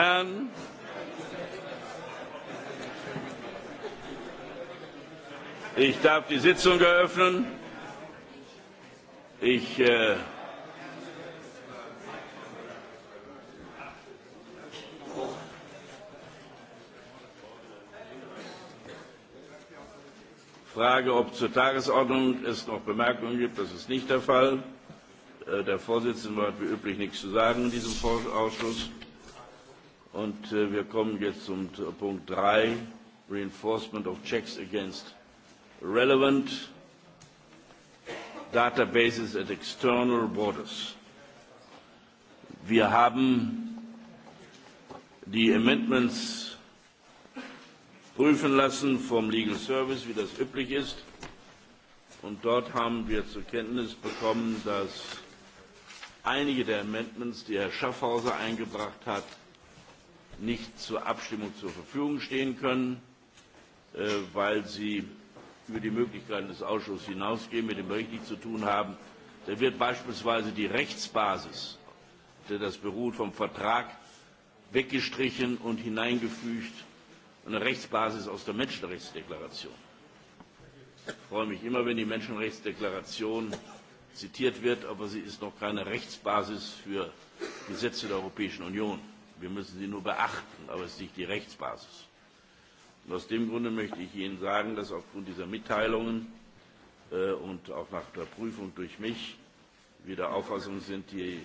and ich darf die Sitzung eröffnen. Ich äh, frage, ob zur Tagesordnung es noch Bemerkungen gibt. Das ist nicht der Fall. Der Vorsitzende hat wie üblich nichts zu sagen in diesem Ausschuss. Und äh, wir kommen jetzt zum Punkt 3, Reinforcement of Checks against Relevant Databases at External Borders. Wir haben die Amendments prüfen lassen vom Legal Service, wie das üblich ist. Und dort haben wir zur Kenntnis bekommen, dass einige der Amendments, die Herr Schaffhauser eingebracht hat, nicht zur Abstimmung zur Verfügung stehen können, weil sie über die Möglichkeiten des Ausschusses hinausgehen, mit dem Bericht nichts zu tun haben. dann wird beispielsweise die Rechtsbasis, auf der das beruht, vom Vertrag weggestrichen und hineingefügt, eine Rechtsbasis aus der Menschenrechtsdeklaration. Ich freue mich immer, wenn die Menschenrechtsdeklaration zitiert wird, aber sie ist noch keine Rechtsbasis für Gesetze der Europäischen Union. Wir müssen sie nur beachten, aber es ist nicht die Rechtsbasis. Und aus dem Grunde möchte ich Ihnen sagen, dass aufgrund dieser Mitteilungen äh, und auch nach der Prüfung durch mich wir der Auffassung sind, die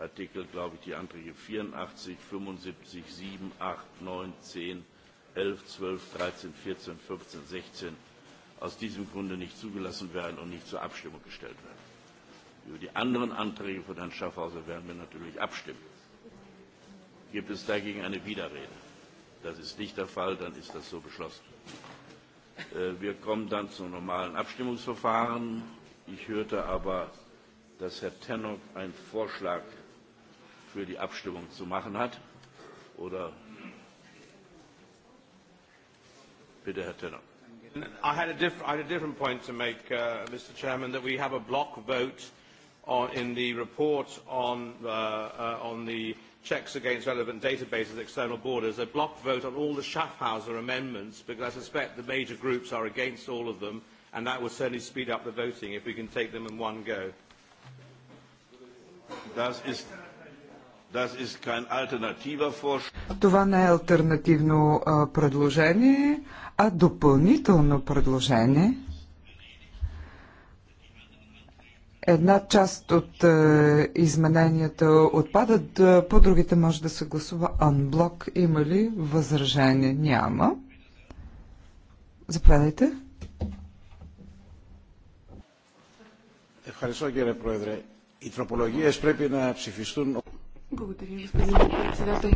Artikel, glaube ich, die Anträge 84, 75, 7, 8, 9, 10, 11, 12, 13, 14, 15, 16 aus diesem Grunde nicht zugelassen werden und nicht zur Abstimmung gestellt werden. Über die anderen Anträge von Herrn Schaffhauser werden wir natürlich abstimmen. Gibt es dagegen eine Widerrede? Das ist nicht der Fall, dann ist das so beschlossen. Wir kommen dann zum normalen Abstimmungsverfahren. Ich hörte aber, dass Herr Tennock einen Vorschlag für die Abstimmung zu machen hat. Oder bitte, Herr Tennock. I had a, diff- I had a different point to make, uh, Mr. Chairman, that we have a block vote on, in the report on, uh, uh, on the checks against relevant databases at external borders, a block vote on all the Schaffhauser amendments, because I suspect the major groups are against all of them, and that will certainly speed up the voting if we can take them in one go. това не е альтернативно предложение, а допълнително предложение. Една част от е, измененията отпадат, по другите може да се гласува анблок. Има ли възражение? Няма. Заповядайте. Ευχαριστώ κύριε Πρόεδρε. Οι τροπολογίες πρέπει να ψηφιστούν... Благодаря, господин председател.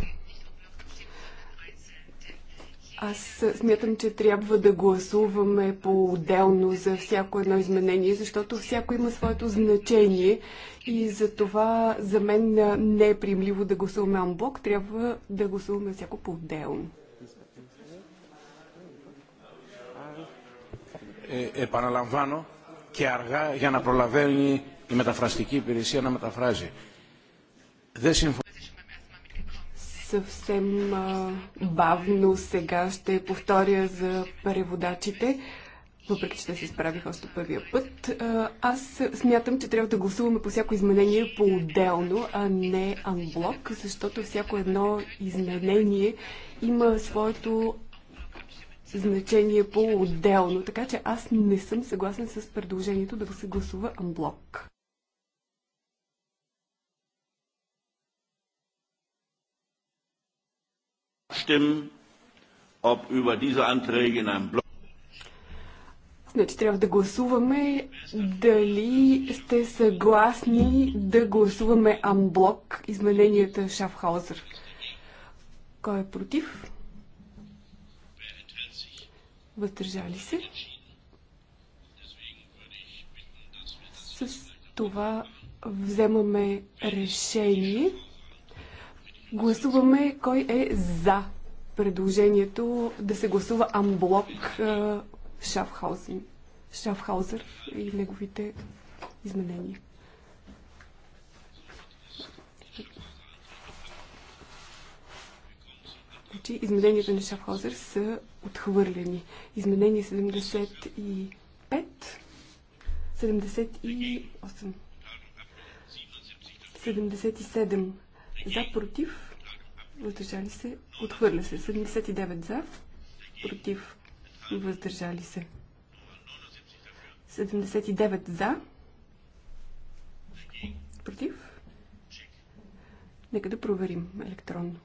Аз смятам, че трябва да гласуваме по-отделно за всяко едно изменение, защото всяко има своето значение и за това за мен не е приемливо да гласуваме амблок, трябва да гласуваме всяко по-отделно. Ε, е, επαναλαμβάνω και αργά για να προλαβαίνει η μεταφραστική υπηρεσία να μεταφράζει. Δεν συμφωνώ съвсем бавно сега ще повторя за преводачите, въпреки че те се справих още първия път. аз смятам, че трябва да гласуваме по всяко изменение по-отделно, а не анблок, защото всяко едно изменение има своето значение по-отделно. Така че аз не съм съгласна с предложението да се гласува анблок. abstimmen, ob über diese Anträge in einem Block. Значи трябва да гласуваме дали сте съгласни да гласуваме амблок измененията Шафхаузер. Кой е против? Въздържали се? С това вземаме решение. Гласуваме кой е за предложението да се гласува амблок е, Шафхаузен, Шафхаузер и неговите изменения. Значи, измененията на Шафхаузер са отхвърлени. Изменение 75, 78, 77 за, против, въздържали се, отхвърля се. 79 за, против, въздържали се. 79 за, против. Нека да проверим електронно.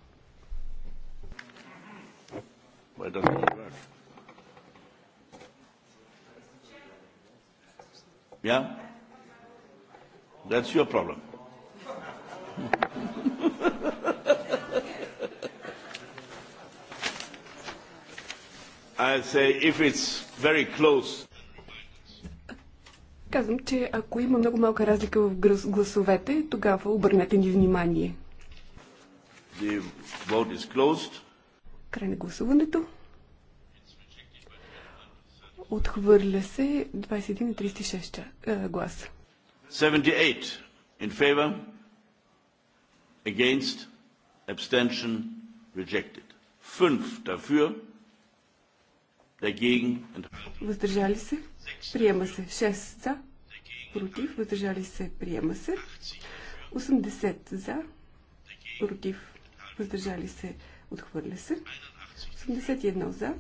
Yeah? That's your problem. I say if it's very close. Казвам, че ако има много малка разлика в гласовете, тогава обърнете ни внимание. The vote is closed. Край на гласуването. Отхвърля се 21 на 36 гласа. 78 in favor. Against. Abstention. Rejected. 5 dafür. Dagegen. Въздържали се. Приема се. 6 за. Против. Въздържали се. Приема се. 80 за. Против. Въздържали се. Отхвърля се. 81 за.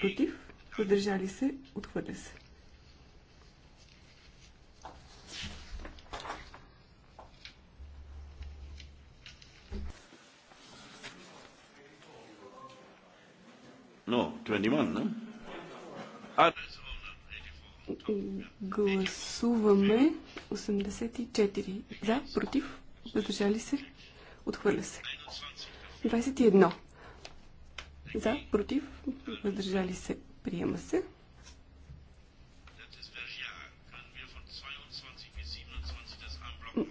Против. Въздържали се. Отхвърля се. No, 21, не? А... Гласуваме 84. За, против, въздържали се, отхвърля се. 21. За, против, въздържали се, приема се.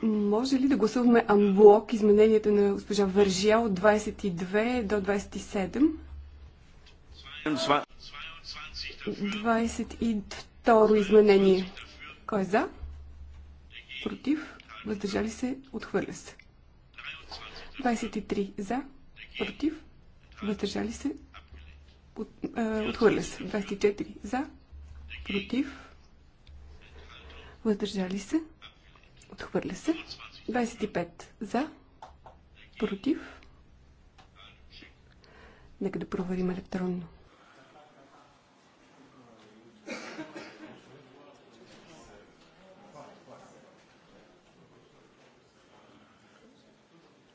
Може ли да гласуваме анблок измененията на госпожа Вържия от 22 до 27? 22 изменение. Кой е за? Против? Въздържали се? Отхвърля се. 23 за? Против? Въздържали се? От, е, отхвърля се. 24 за? Против? Въздържали се? Отхвърля се. 25 за? Против? Нека да проверим електронно.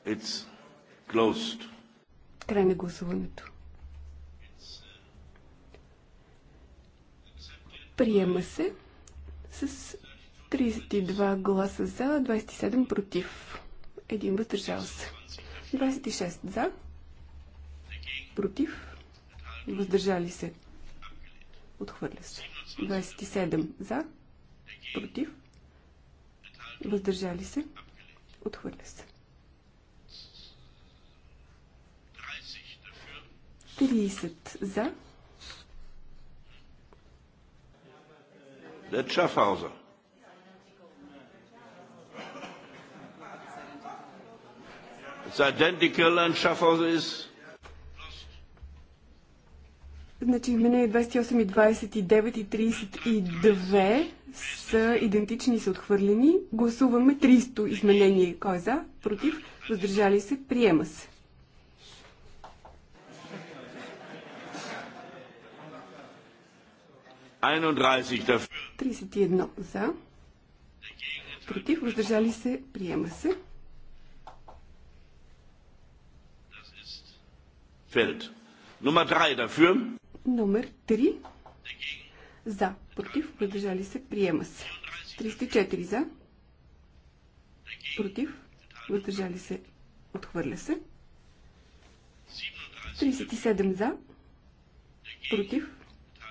It's closed. Край на гласуването. Приема се с 32 гласа за, 27 против. Един въздържал се. 26 за, против, въздържали се. Отхвърля се. 27 за, против, въздържали се. Отхвърля се. 30 за. It's identical and Schaffhauser is... Значи мене 28 е и 29 и 32 са идентични и са отхвърлени. Гласуваме 300 изменение. Кой е за? Против? Въздържали се? Приема се. 31 за. Против, въздържали се, приема се. Фелд. Номер 3 дафюр. Номер 3. За. Против, въздържали се, приема се. 34 за. Против, въздържали се, отхвърля се. 37 за. Против,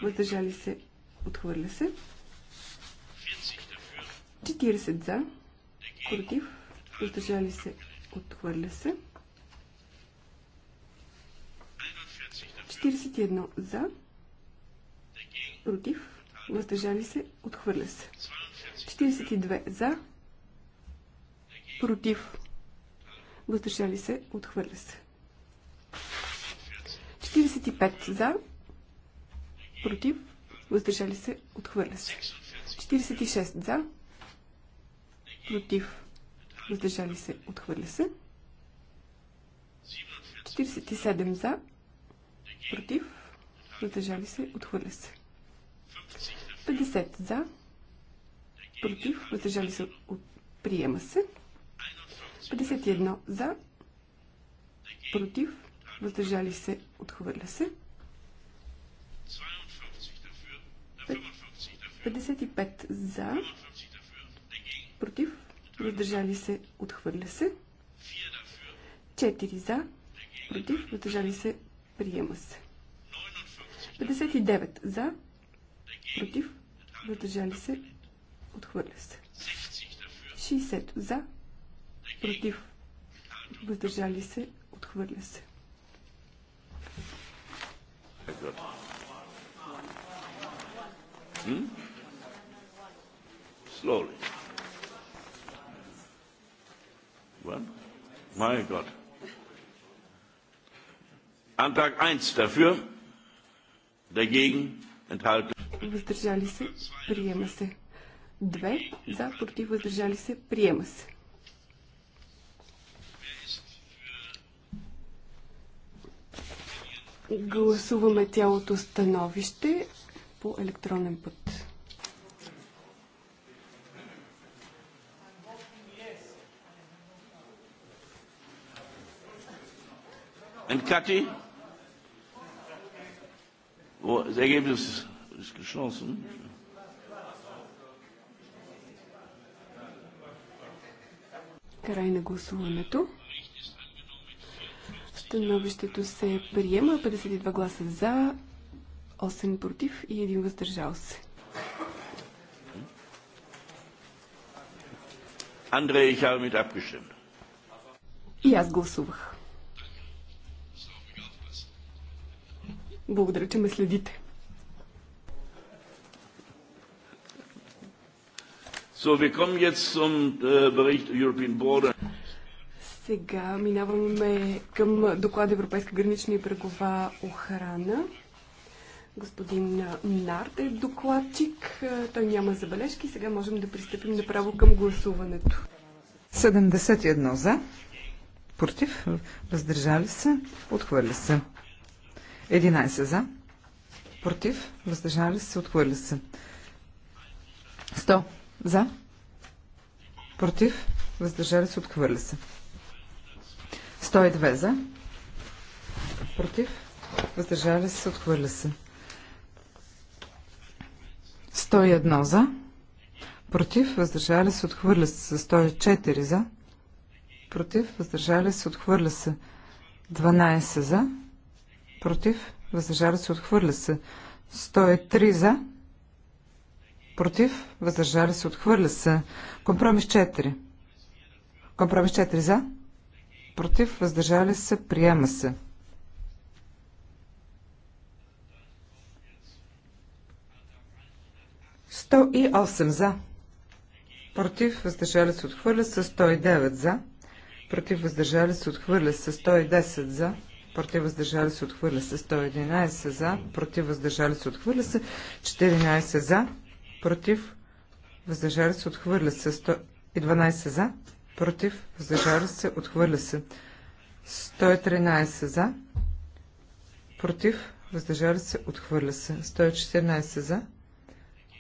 въздържали се, Отхвърля се. 40 за. Против. Въздържали се. Отхвърля се. 41 за. Против. Въздържали се. Отхвърля се. 42 за. Против. Въздържали се. Отхвърля се. 45 за. Против въздържали се, отхвърля се. 46 за, против, въздържали се, отхвърля се. 47 за, против, въздържали се, отхвърля се. 50 за, против, въздържали се, от... приема се. 51 за, против, въздържали се, отхвърля се. 55 за, против, въздържали се, отхвърля се. 4 за, против, въздържали се, приема се. 59 за, против, въздържали се, отхвърля се. 60 за, против, въздържали се, отхвърля се. Good. Е, Hmm? Slowly. One. My God. Antrag 1 dafür, dagegen, enthalten. Въздържали се, приема се. Две за, против, въздържали се, приема се. Гласуваме тялото становище по електронен път. And Kati? Oh, das Ergebnis ist geschlossen. Край на гласуването. Становището се приема. 52 гласа за, 8 против и 1 въздържал се. Андрей, ich habe mit abgestimmt. И аз гласувах. Благодаря, че ме следите. So, wir kommen jetzt zum äh, Bericht European Border. Сега минаваме към доклад Европейска гранична и брегова охрана. Господин Нарт е докладчик. Той няма забележки. Сега можем да пристъпим направо към гласуването. 71 за. Против. Въздържали се. Отхвърли се. 11 за. Против. Въздържали се. Отхвърли се. 100 за. Против. Въздържали се. Отхвърли се. 102 за. Против. Въздържали се. Отхвърли се. 101 за. Против, въздържали се, отхвърля се. 104 за. Против, въздържали се, отхвърля се. 12 за. Против, въздържали се, отхвърля се. 103 за. Против, въздържали се, отхвърля се. Компромис 4. Компромис 4 за. Против, въздържали се, приема се. 108 за. Против, въздържали се, отхвърля се 109 за. Против, въздържали се, отхвърля се 110 за. Против, въздържали се, отхвърля се 111 за. Против, въздържали се, отхвърля се 14 за. Против, въздържали се, отхвърля се 112 за. Против, въздържали се, отхвърля се 113 за. Против, въздържали се, отхвърля се 114 за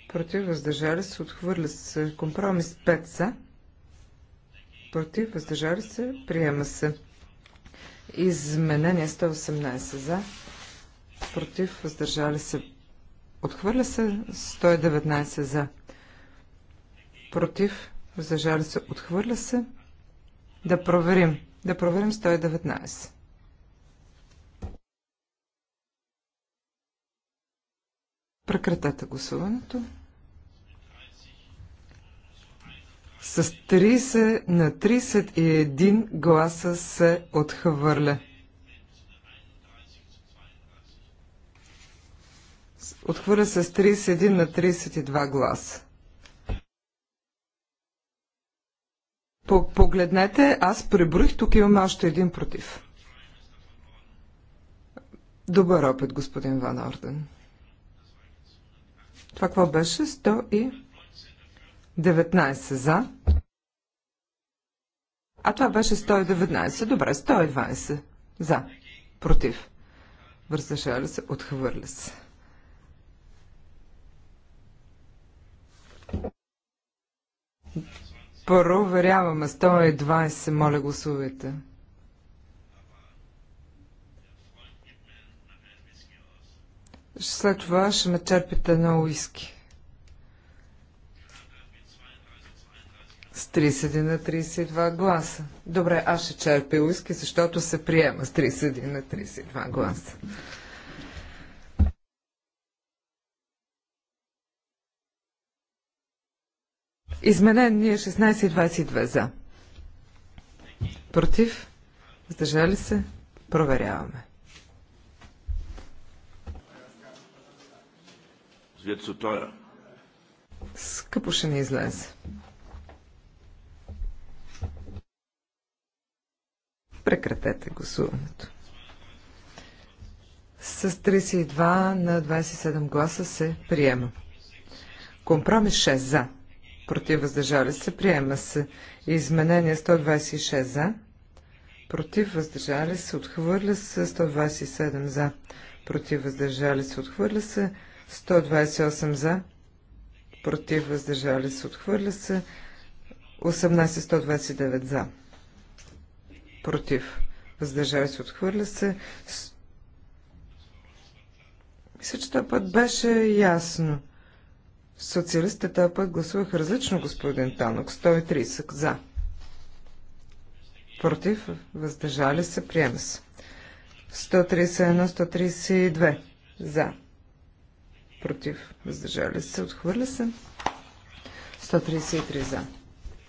против, въздържали се, отхвърля се. Компромис 5 за, против, въздържали се, приема се. Изменение 118 за, против, въздържали се, отхвърля се, 119 за, против, въздържали се, отхвърля се. Да проверим, да проверим 119. Прекратете гласуването. с 30 на 31 гласа се отхвърля. Отхвърля се с 31 на 32 гласа. Погледнете, аз преброих, тук имам още един против. Добър опит, господин Ван Орден. Това какво беше? 100 и... 19 за. А това беше 119. Добре, 120 за. Против. Въздържали се, отхвърля се. Проверяваме 120. Моля, гласувайте. След това ще ме черпите на уиски. с 31 на 32 гласа. Добре, аз ще черпя уиски, защото се приема с 31 на 32 гласа. ние 16.22 за. Против? Сдържали се? Проверяваме. Скъпо ще ни излезе. Прекратете гласуването. С 32 на 27 гласа се приема. Компромис 6 за. Против въздържали се. Приема се. Изменение 126 за. Против въздържали се. Отхвърля се. 127 за. Против въздържали се. Отхвърля се. 128 за. Против въздържали се. Отхвърля се. 18 129 за против, въздържали се, отхвърля се. Мисля, че този път беше ясно. Социалистите този път гласуваха различно, господин Танок. 130 за. Против, въздържали се, приема се. 131-132 за. Против, въздържали се, отхвърля се. 133 за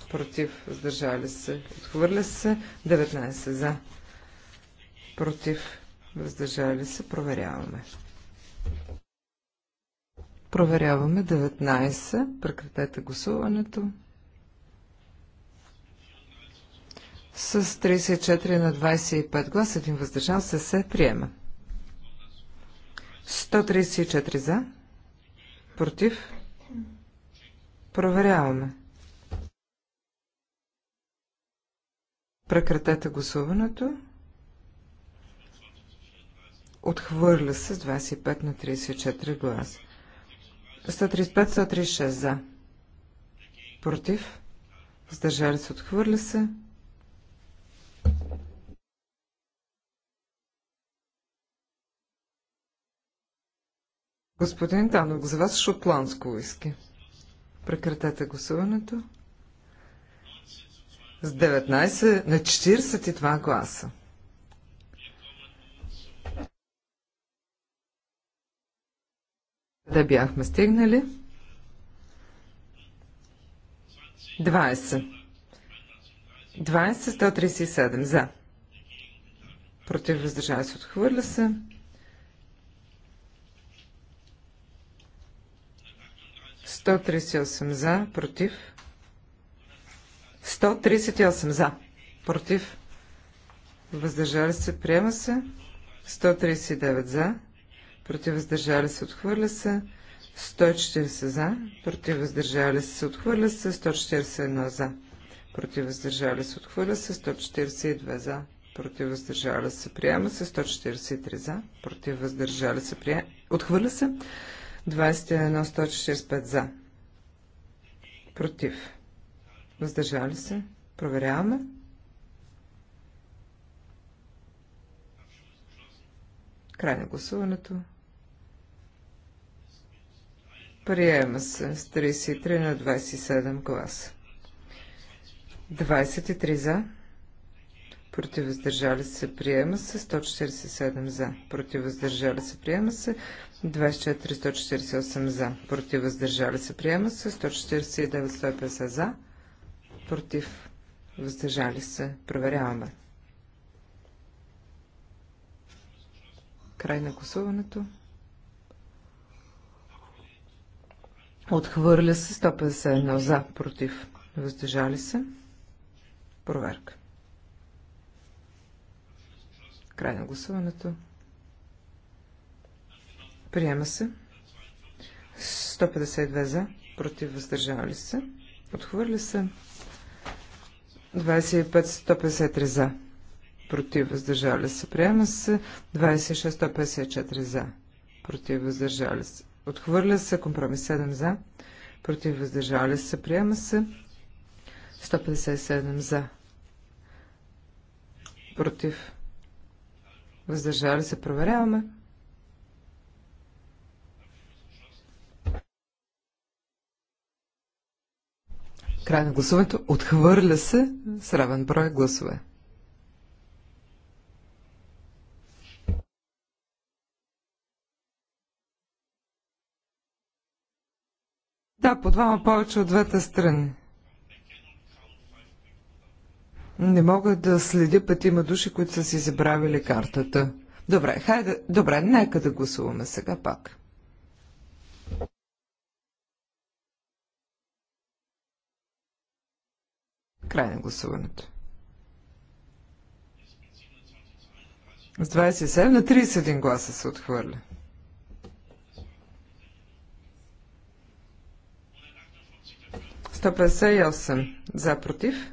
против, въздържали се, отхвърля се, 19 за, против, въздържали се, проверяваме. Проверяваме 19, прекратете гласуването. С 34 на 25 глас, един въздържал се, се приема. 134 за, против, проверяваме. 19. Прекратете гласуването. Отхвърля се с 25 на 34 глас. 135-136 за. Против. Сдържали се. Отхвърля се. Господин Танок, за вас шотландско виски. Прекратете гласуването с 19 на 42 гласа. Да бяхме стигнали? 20. 20-137 за. Против въздържава се, отхвърля се. 138 за, против 138 за. Против. Въздържали се. Приема се. 139 за. Против. Въздържали се. Отхвърля се. 140 за. Против. Въздържали се. Отхвърля се. 141 за. Против. Въздържали се. Отхвърля се. 142 за. Против. Въздържали се. Приема се. 143 за. Против. Въздържали се. Приема. Отхвърля се. 21 145 за. Против Въздържали се. Проверяваме. Край на гласуването. Приема се с 33 на 27 гласа. 23 за. Против въздържали се приема се 147 за. Против въздържали се приема се 24 148 за. Против въздържали се приема се 149 150 за против, въздържали се, проверяваме. Край на гласуването. Отхвърля се 151 за, против, въздържали се. Проверка. Край на гласуването. Приема се. 152 за, против, въздържали се. Отхвърля се. 25-153 за. Против въздържали се. Приема се. 26-154 за. Против въздържали се. Отхвърля се. Компромис 7 за. Против въздържали се. Приема се. 157 за. Против. Въздържали се. Проверяваме. Край на гласуването. Отхвърля се с равен брой гласове. Да, по двама повече от двете страни. Не мога да следя петима души, които са си забравили картата. Добре, хайде, добре, нека да гласуваме сега пак. Край на гласуването. С 27 на 31 гласа се отхвърля. 158 за против.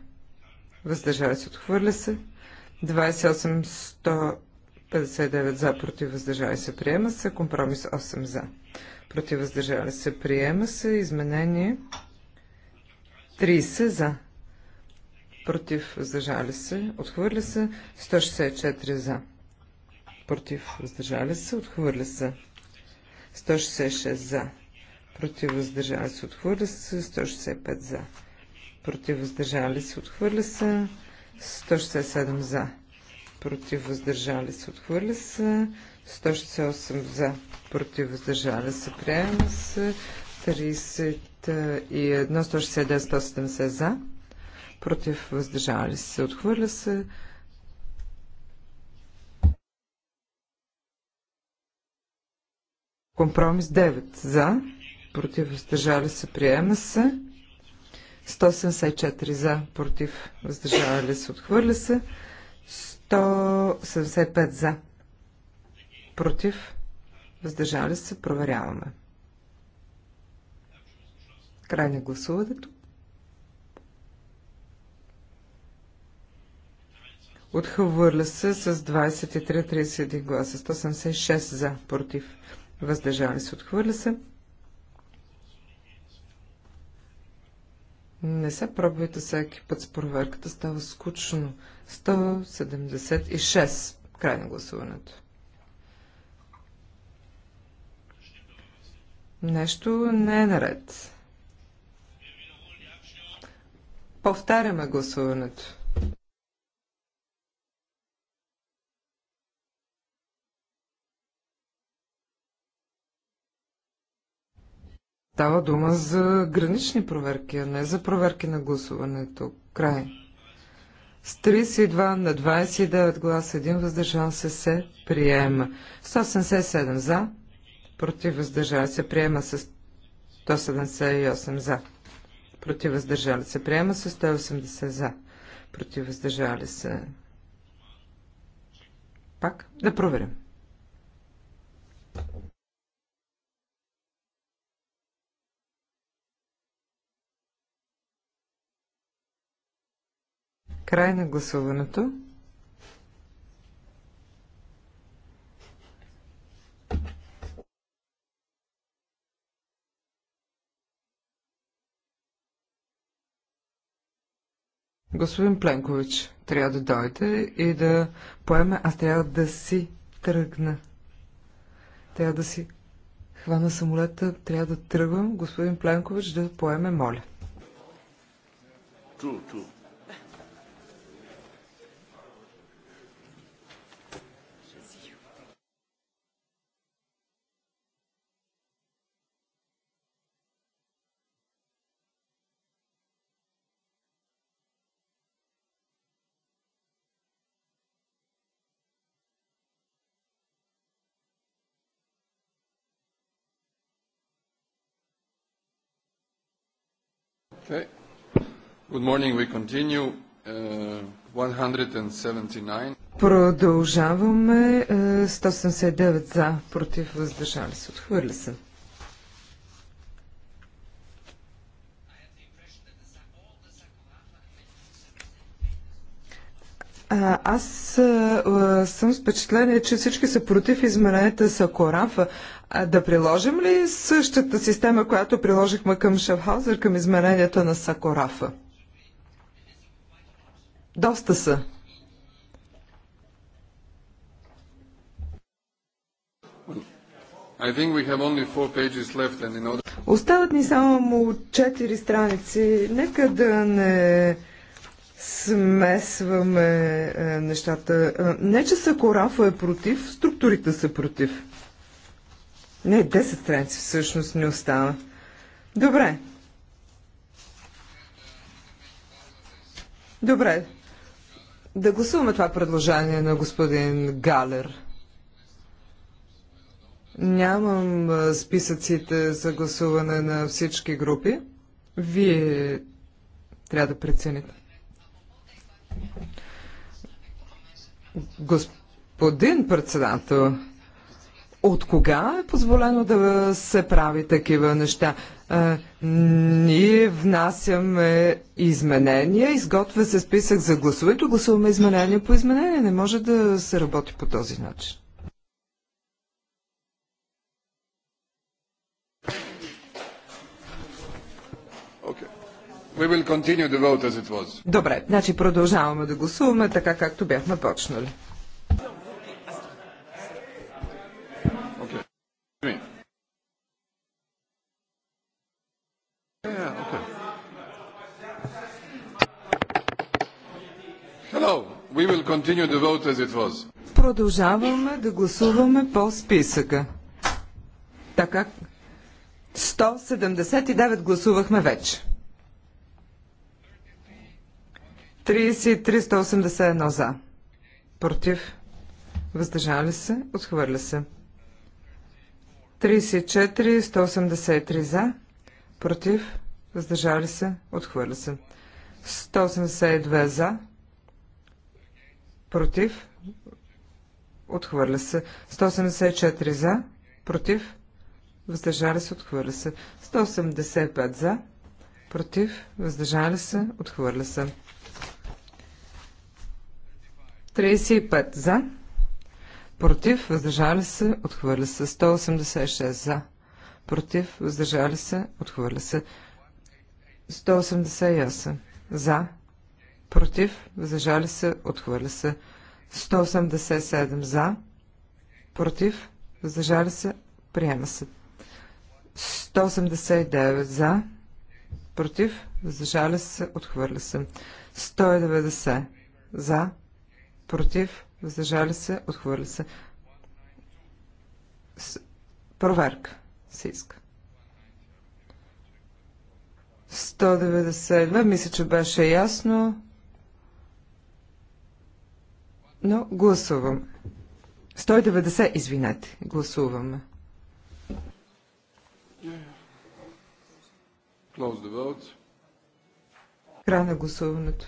Въздържали се, отхвърля се. 28 159 за против, въздържали се, приема се. Компромис 8 за. Против, въздържали се, приема се. Изменение 30 за против, въздържали се, отхвърля се, 164 за, против, въздържали се, отхвърля се, 166 за, против, въздържали се, отхвърля се, 165 за, против, въздържали се, отхвърля се, 167 за, против, въздържали се, отхвърля се, 168 за, против, въздържали се, приема се, 31, 169, 170 за, против, въздържали се, отхвърля се. Компромис 9 за, против, въздържали се, приема се. 174 за, против, въздържали се, отхвърля се. 175 за, против, въздържали се, проверяваме. Край на гласуването. Отхвърля се с 23 31 гласа. 176 за, против. Въздържали се. Отхвърля се. Не се пробвайте всеки път с проверката. Става скучно. 176. Край на гласуването. Нещо не е наред. Повтаряме гласуването. Става дума за гранични проверки, а не за проверки на гласуването. Край. С 32 на 29 гласа, един въздържал се, се приема. 177 за, против въздържал се, приема с 178 за. Против въздържали се, приема с 180 за. Против въздържали се. Пак да проверим. Край на гласуването. Господин Пленкович трябва да дойде и да поеме, аз трябва да си тръгна. Трябва да си хвана самолета, трябва да тръгвам. Господин Пленкович да поеме, моля. Ту, ту. Okay. Good morning. We continue. Uh, 179. Продължаваме. 179 uh, за, против, въздържали се. Отхвърля се. Аз съм с впечатление, че всички са против измененията с Акорафа. А да приложим ли същата система, която приложихме към Шафхаузер, към измененията на Сакорафа? Доста са. Order... Остават ни само четири страници. Нека да не смесваме а, е, нещата. Е, не, че Сакорафо е против, структурите са против. Не, 10 страници всъщност не остава. Добре. Добре. Да гласуваме това предложение на господин Галер. Нямам е, списъците за гласуване на всички групи. Вие трябва да прецените. Господин председател, от кога е позволено да се прави такива неща? А, ние внасяме изменения, изготвя се списък за гласовете, гласуваме изменения по изменения. Не може да се работи по този начин. We will continue the vote as it was. Добре, значи продължаваме да гласуваме така както бяхме почнали. Продължаваме да гласуваме по списъка. Така 179 гласувахме вече. 33181 за. Против. Въздържали се. Отхвърля се. 34-183 за. Против. Въздържали се. Отхвърля се. 182 за. Против. Отхвърля се. 184 за. Против. Въздържали се. Отхвърля се. 185 за. Против. Въздържали се. Отхвърля се. 35 за, против, въздържали се, отхвърля се. 186 за, против, въздържали се, отхвърля се. 188 за, против, въздържали се, отхвърля се. 187 за, против, въздържали се, приема се. 189 за, против, въздържали се, отхвърля се. 190 за, против, въздържали се, отхвърля се. С... Проверка се иска. 192, мисля, че беше ясно, но гласувам. 190, извинете, гласуваме. Close the vote. Край на гласуването.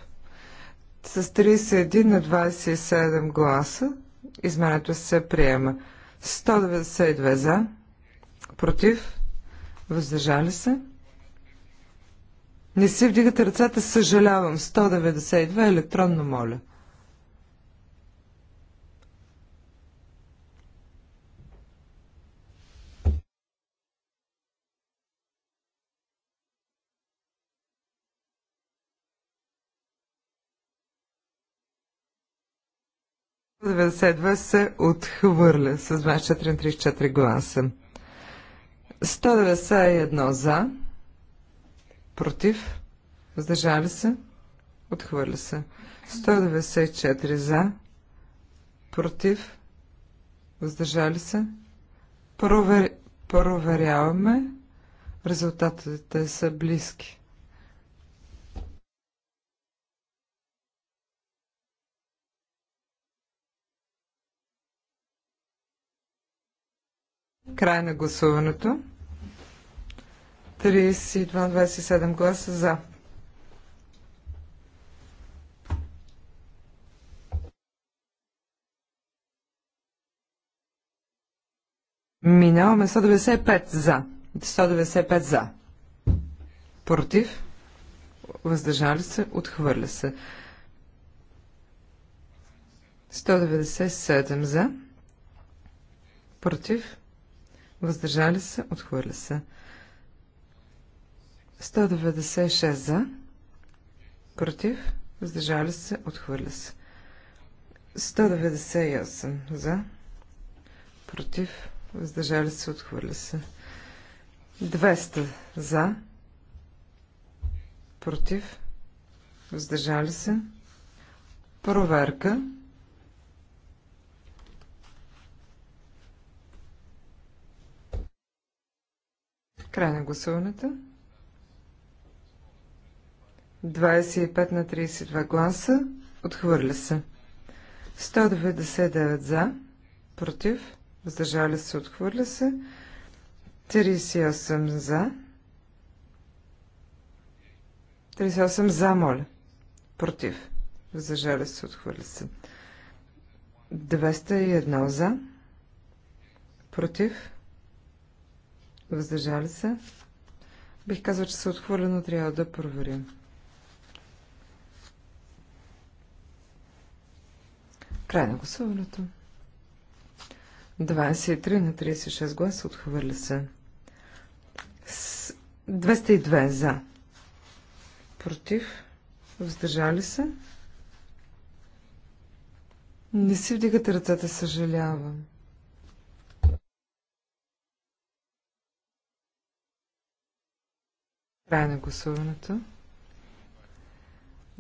С 31 на 27 гласа изменето се приема. 192 за, против, въздържали се. Не си вдигате ръцата, съжалявам. 192 електронно моля. 192 се отхвърля с 24-34 гласа. 191 за, против, въздържали се, отхвърля се. 194 за, против, въздържали се. Провер... Проверяваме. Резултатите са близки. Край на гласуването. 32-27 гласа за. Минаваме 195 за. 195 за. Против. Въздържали се. Отхвърля се. 197 за. Против въздържали се, отхвърля се. 196 за, против, въздържали се, отхвърля се. 198 за, против, въздържали се, отхвърля се. 200 за, против, въздържали се. Проверка. Край на гласуването. 25 на 32 гласа. Отхвърля се. 199 за. Против. Въздържали се. Отхвърля се. 38 за. 38 за, моля. Против. Въздържали се. Отхвърля се. 201 за. Против. Въздържали се? Бих казал, че се отхвърля, но трябва да проверим. Край на гласуването. 23 на 36 гласа отхвърля се. 202 за. Против. Въздържали се. Не си вдигате ръцете, съжалявам. Край на гласуването.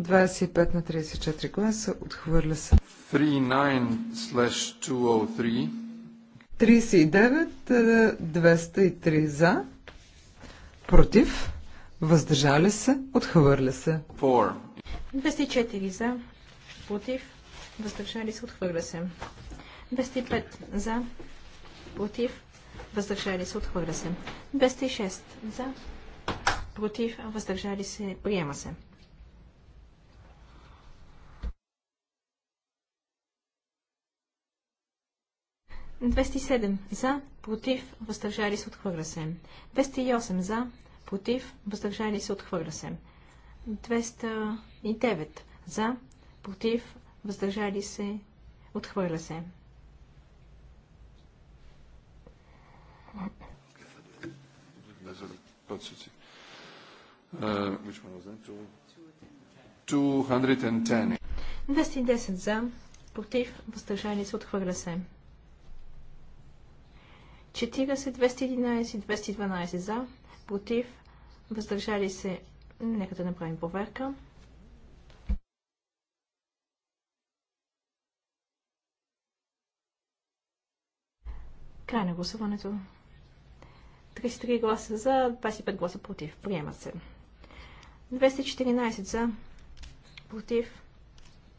25 на 34 гласа. Отхвърля се. 39-203. за. Против. Въздържали се. Отхвърля се. 204 за. Против. Въздържали се. Отхвърля се. 205 за. Против. Въздържали се. Отхвърля се. 206 за против, въздържали се, приема се. Двести седем за, против, въздържали се, отхвърля се. 208 за, против, въздържали се, отхвърля се. 209 за, против, въздържали се, отхвърля се. Désolé, Which one was that? 210. 210 за, против, въздържали се, отхвърля се. 40, 211, 212 за, против, въздържали се, нека да направим проверка. Край на гласуването. 33 гласа за, 25 гласа против. Приема се. 214 за, против,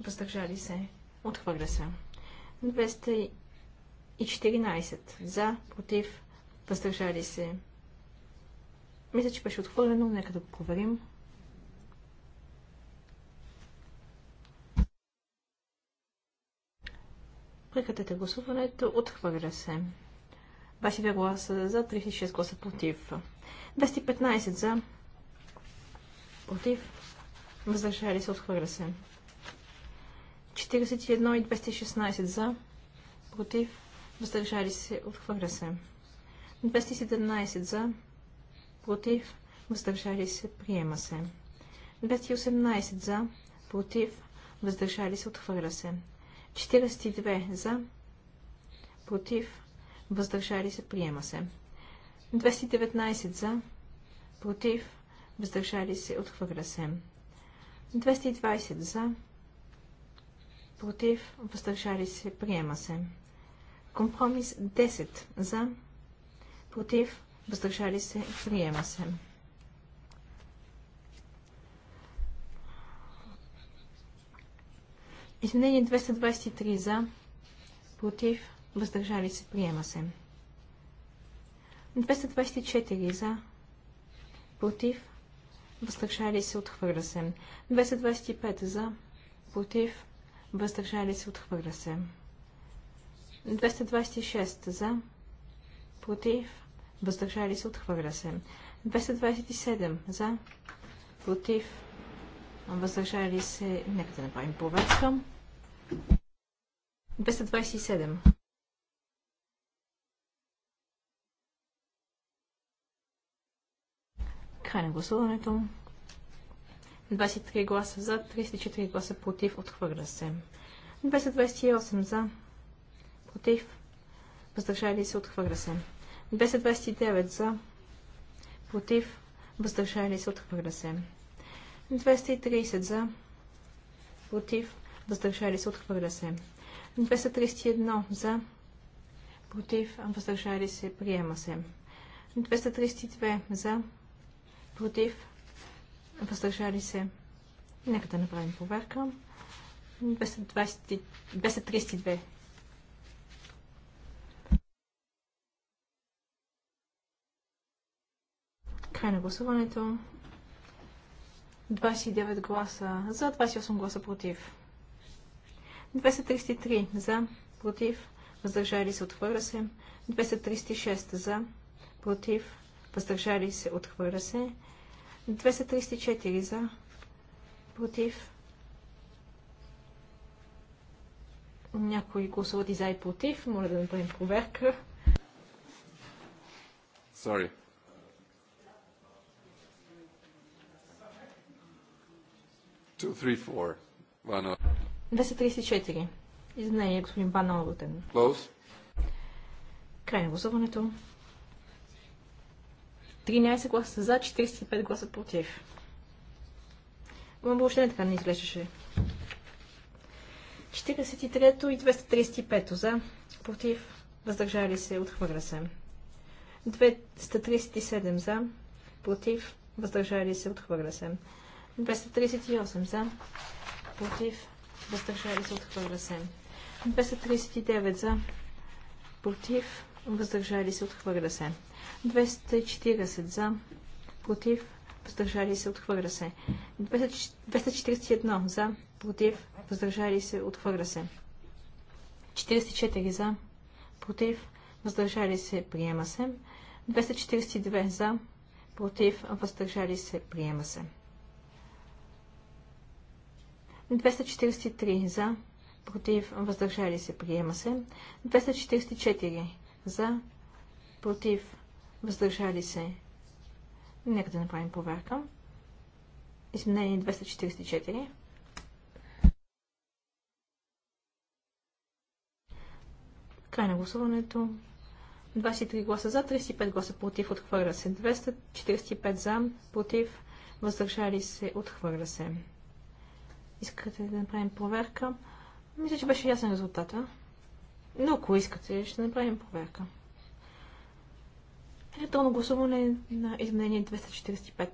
въздържали се, отхвърля се. 214 за, против, въздържали се. Мисля, че беше отхвърлено, нека да го проверим. Прекратете гласуването, отхвърля се. 22 гласа за, 36 гласа против. 215 за, Против. Въздържали се. Отхвърля се. 41 и 216 за. Против. Въздържали се. Отхвърля се. 217 за. Против. Въздържали се. Приема се. 218 за. Против. Въздържали се. Отхвърля се. 42 за. Против. Въздържали се. Приема се. 219 за. Против въздържали се, отхвърля се. 220 за, против, въздържали се, приема се. Компромис 10 за, против, въздържали се, приема се. Изменение 223 за, против, въздържали се, приема се. 224 за, против, въздържали се, отхвърля се. 225 за, против, въздържали се, отхвърля се. 226 за, против, въздържали се, отхвърля се. 227 за, против, въздържали се, нека да направим повече. 227. Край на гласуването. 23 гласа за, 34 гласа против, отхвърля се. 228 за, против, въздържали се, отхвърля се. 229 за, против, въздържали се, отхвърля се. 230 за, против, въздържали се, отхвърля се. 231 за, против, въздържали се, приема се. 232 за, против, въздържали се. Нека да направим проверка. 232. Край на гласуването. 29 гласа за, 28 гласа против. 233 за, против, въздържали се, отхвърля се. 236 за, против, въздържали се, отхвърля се. 234 за, против. Някои гласуват и за и против. Моля да направим проверка. Sorry. Two, three, four. 234. Uh, Изменение, господин Бан Close. Край на гласуването. 13 гласа за, 45 гласа против. Ама въобще не така не изглеждаше. 43-то и 235-то за, против, въздържали се, отхвърля се. 237 за, против, въздържали се, отхвърля се. 238 за, против, въздържали се, отхвърля се. 239 за, против, въздържали се, отхвърля се. 240 за, против, въздържали се, отхвърля се. 241 за, против, въздържали се, отхвърля се. 44 за, против, въздържали се, приема се. 242 за, против, въздържали се, приема се. 243 за, против, въздържали се, приема се. 244 за, против, въздържали се. Нека да направим проверка. Изменение 244. Край на гласуването. 23 гласа за, 35 гласа против, отхвърля се. 245 за, против, въздържали се, отхвърля се. Искате да направим проверка? Мисля, че беше ясен резултата. Но ако искате, ще направим проверка. Електронно гласуване на изменение 245.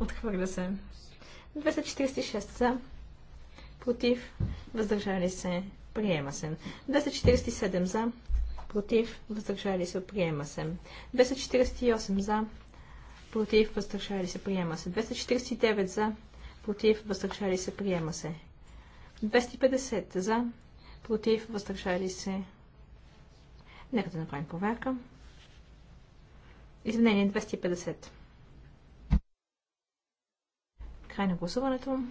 Отхвърля се. 246 за. Против. Въздържали се. Приема се. 247 за. Против. Въздържали се. Приема се. 248 за против, въздържали се, приема се. 249 за, против, въздържали се, приема се. 250 за, против, въздържали се. Нека да направим проверка. Извинение 250. Край на гласуването.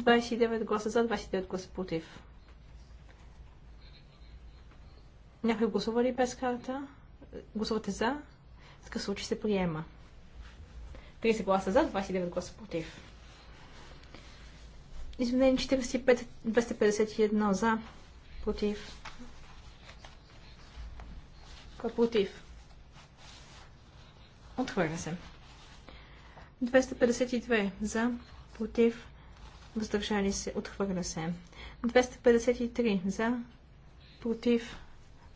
29 гласа за, 29 гласа против. Някой гласували без карта? Гласувате за? В такъв случай се приема. 30 гласа за, 29 гласа против. Изменение 45, 251 за, против. Кой е против? Отхвърля се. 252 за, против, въздържали се, отхвърля се. 253 за, против,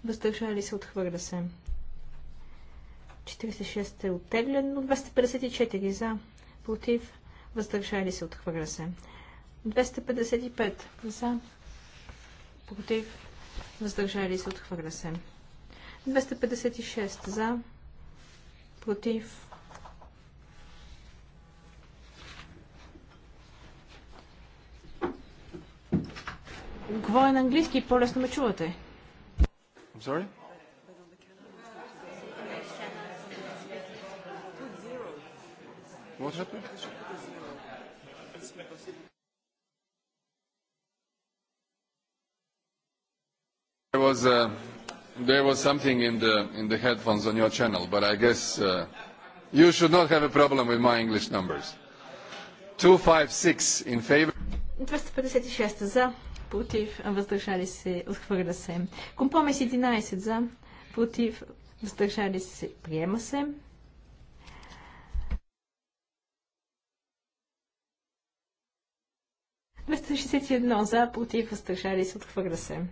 въздържали се, отхвърля се. 46 е но 254 за. Против. Въздържали се. Отхвърля се. 255 за. Против. Въздържали се. Отхвърля се. 256 за. Против. Говоря на английски, по-лесно ме чувате. I'm sorry? What happened? There was uh, there was something in the in the headphones on your channel, but I guess uh, you should not have a problem with my English numbers. 256 in favor. 256 за, против, въздържали се, отхвърля се. Компромис 11 за, против, въздържали се, приема се. 361 за, против, въздържали се, отхвърля се.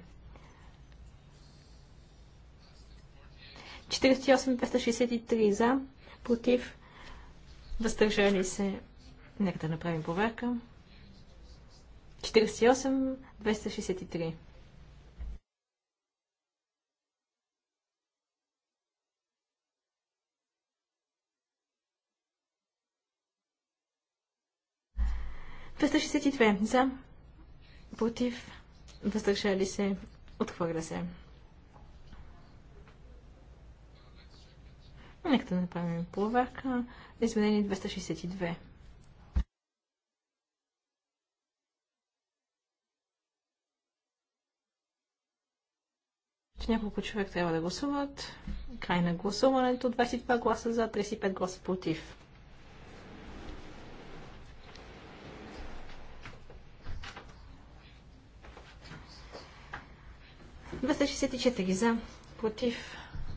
48-263 за, против, въздържали се. Нека да направим проверка. 48-263. за, против, въздържали се, отхвърля се. Нека да направим проверка. Изменение 262. няколко човек трябва да гласуват. Край на гласуването. 22 гласа за, 35 гласа против. 264 за, против,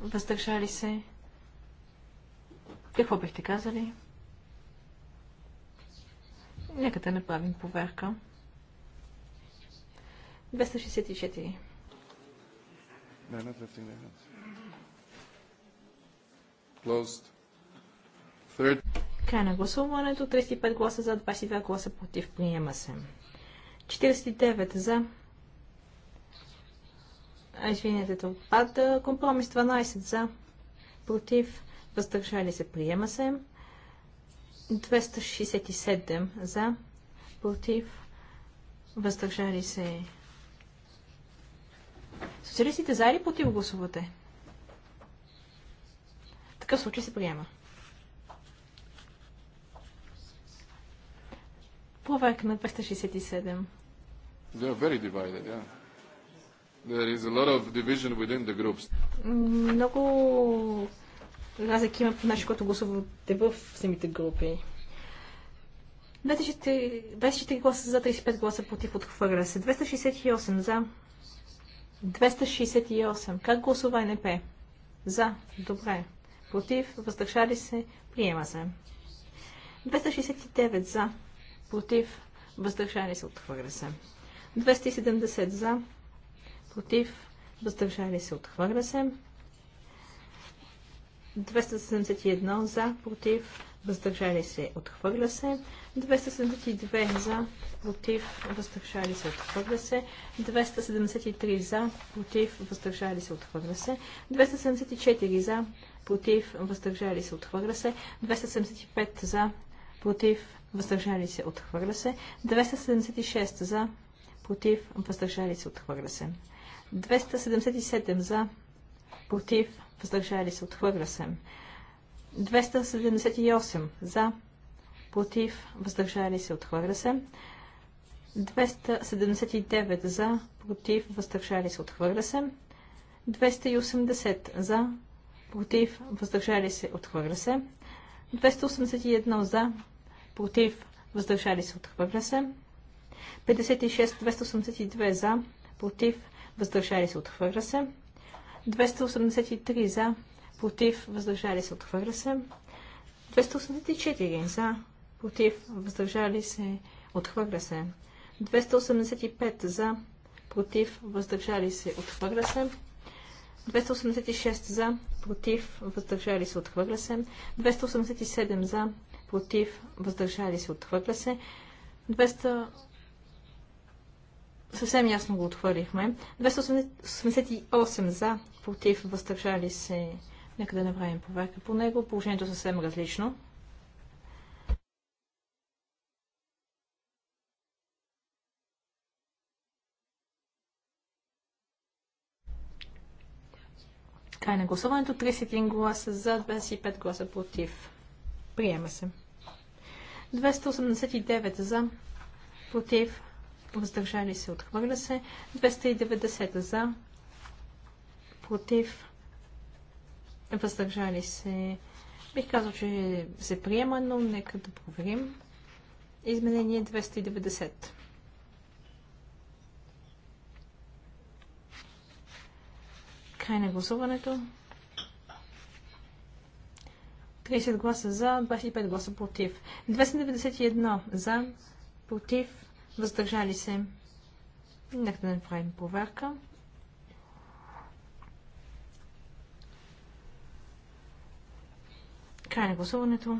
въздържали се. Какво бихте казали? Нека да направим поверка. 264. Closed. Край на гласуването. 35 гласа за, 22 гласа против. Приема се. 49 за, Извинете, то отпада. Компромис 12 за. Против. Въздържали се. Приема се. 267 за. Против. Въздържали се. Социалистите за или против гласувате? В такъв случай се приема. Проверка на 267. They are very divided, yeah. There is a lot of division within the groups. Много разлики има по нещо, които гласувате в самите групи. 24, 24 гласа за, 35 гласа против, отхвърля се. 268 за. 268. Как гласува НП? За. Добре. Против. Въздържали се. Приема се. 269 за. Против. Въздържали се. Отхвърля се. 270 за против, въздържали се, отхвърля се. 271 за, против, въздържали се, отхвърля се. 272 за, против, въздържали се, отхвърля се. 273 за, против, въздържали се, отхвърля се. 274 за, против, въздържали се, отхвърля се. 275 за, против, въздържали се, отхвърля се. 276 за, против, въздържали се, отхвърля се. 277 за, против, въздържали се, отхвърля се. 278 за, против, въздържали се, отхвърля се. 279 за, против, въздържали се, отхвърля се. 280 за, против, въздържали се, отхвърля се. 281 за, против, въздържали се, отхвърля се. 56, 282 за, против, въздържали се, отхвърля се. 283 за, против, въздържали се, отхвърля се. 284 за, против, въздържали се, отхвърля се. 285 за, против, въздържали се, отхвърля се. 286 за, против, въздържали се, отхвърля се. 287 за, против, въздържали се, отхвърля се. 200 съвсем ясно го отхвърлихме. 288 за, против, въздържали се. Нека да направим проверка по него. Положението е съвсем различно. Край на гласуването. 31 гласа за, 25 гласа против. Приема се. 289 за, против, въздържали се, отхвърля се. 290 за, против, въздържали се. Бих казал, че се приема, но нека да проверим. Изменение 290. Край на гласуването. 30 гласа за, 25 гласа против. 291 за, против, въздържали се. Нека да направим проверка. Край на гласуването.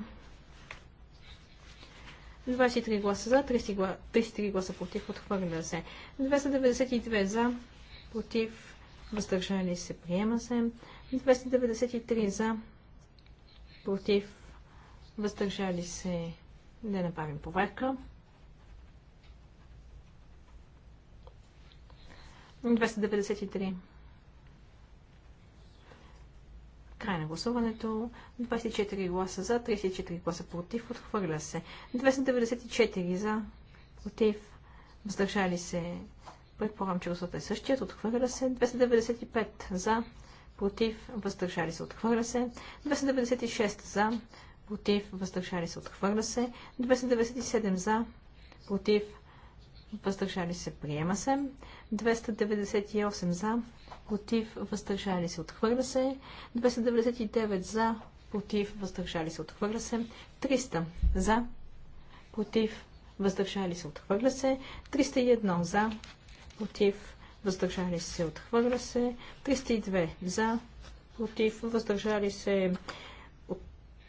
23 гласа за, 33 гласа против, отхвърля се. 292 за, против, въздържали се, приема се. 293 за, против, въздържали се, да направим проверка. 293. Край на гласуването. 24 гласа за, 34 гласа против. Отхвърля се. 294 за, против. Въздържали се. Предполагам, че гласът е същият. Отхвърля се. 295 за, против. Въздържали се. Отхвърля се. 296 за, против. Въздържали се. Отхвърля се. 297 за, против въздържали се, приема се. 298 за, против, въздържали се, отхвърля се. 299 за, против, въздържали се, отхвърля се. 300 за, против, въздържали се, отхвърля се. 301 за, против, въздържали се, отхвърля се. 302 за, против, въздържали се,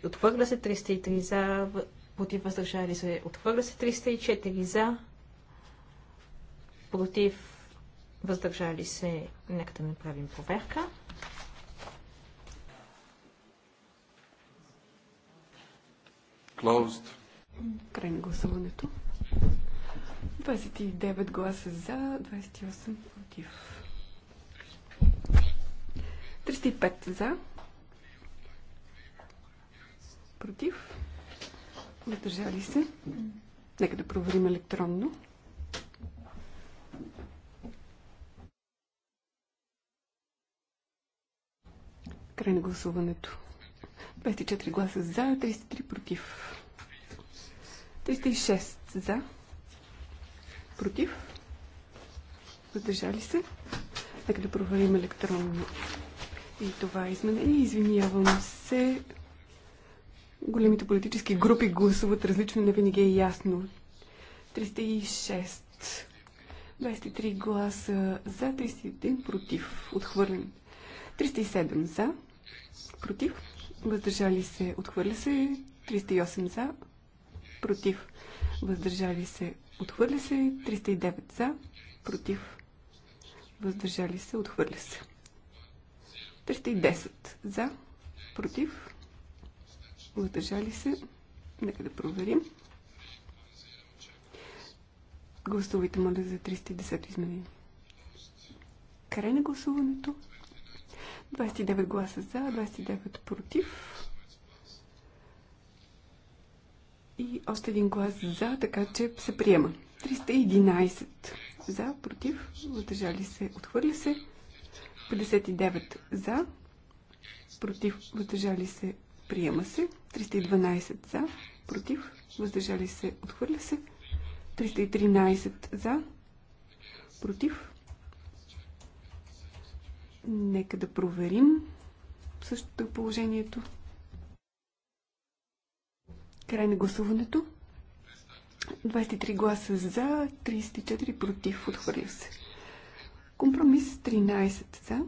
отхвърля се. 303 за, против, въздържали се, отхвърля се. 304 за, против, въздържали се, нека да направим проверка. Closed. Край на гласуването. 29 гласа за, 28 против. 305 за. Против. Въздържали се. Нека да проверим електронно. Край на гласуването. 24 гласа за, 33 против. 306 за, против, въздържали се. Нека да проверим електронно и това е изменение. Извинявам се. Големите политически групи гласуват различно, не винаги е ясно. 306. 23 гласа за, 31 против. Отхвърлен. 307 за, против, въздържали се, отхвърля се, 308 за, против, въздържали се, отхвърля се, 309 за, против, въздържали се, отхвърля се. 310 за, против, въздържали се, нека да проверим. Гласувайте, моля, за 310 изменения. Край на гласуването. 29 гласа за, 29 против. И още един глас за, така че се приема. 311 за, против, въздържали се, отхвърля се. 59 за, против, въздържали се, приема се. 312 за, против, въздържали се, отхвърля се. 313 за, против, Нека да проверим същото е положението. Край на гласуването. 23 гласа за, 34 против, отхвърля се. Компромис 13 за,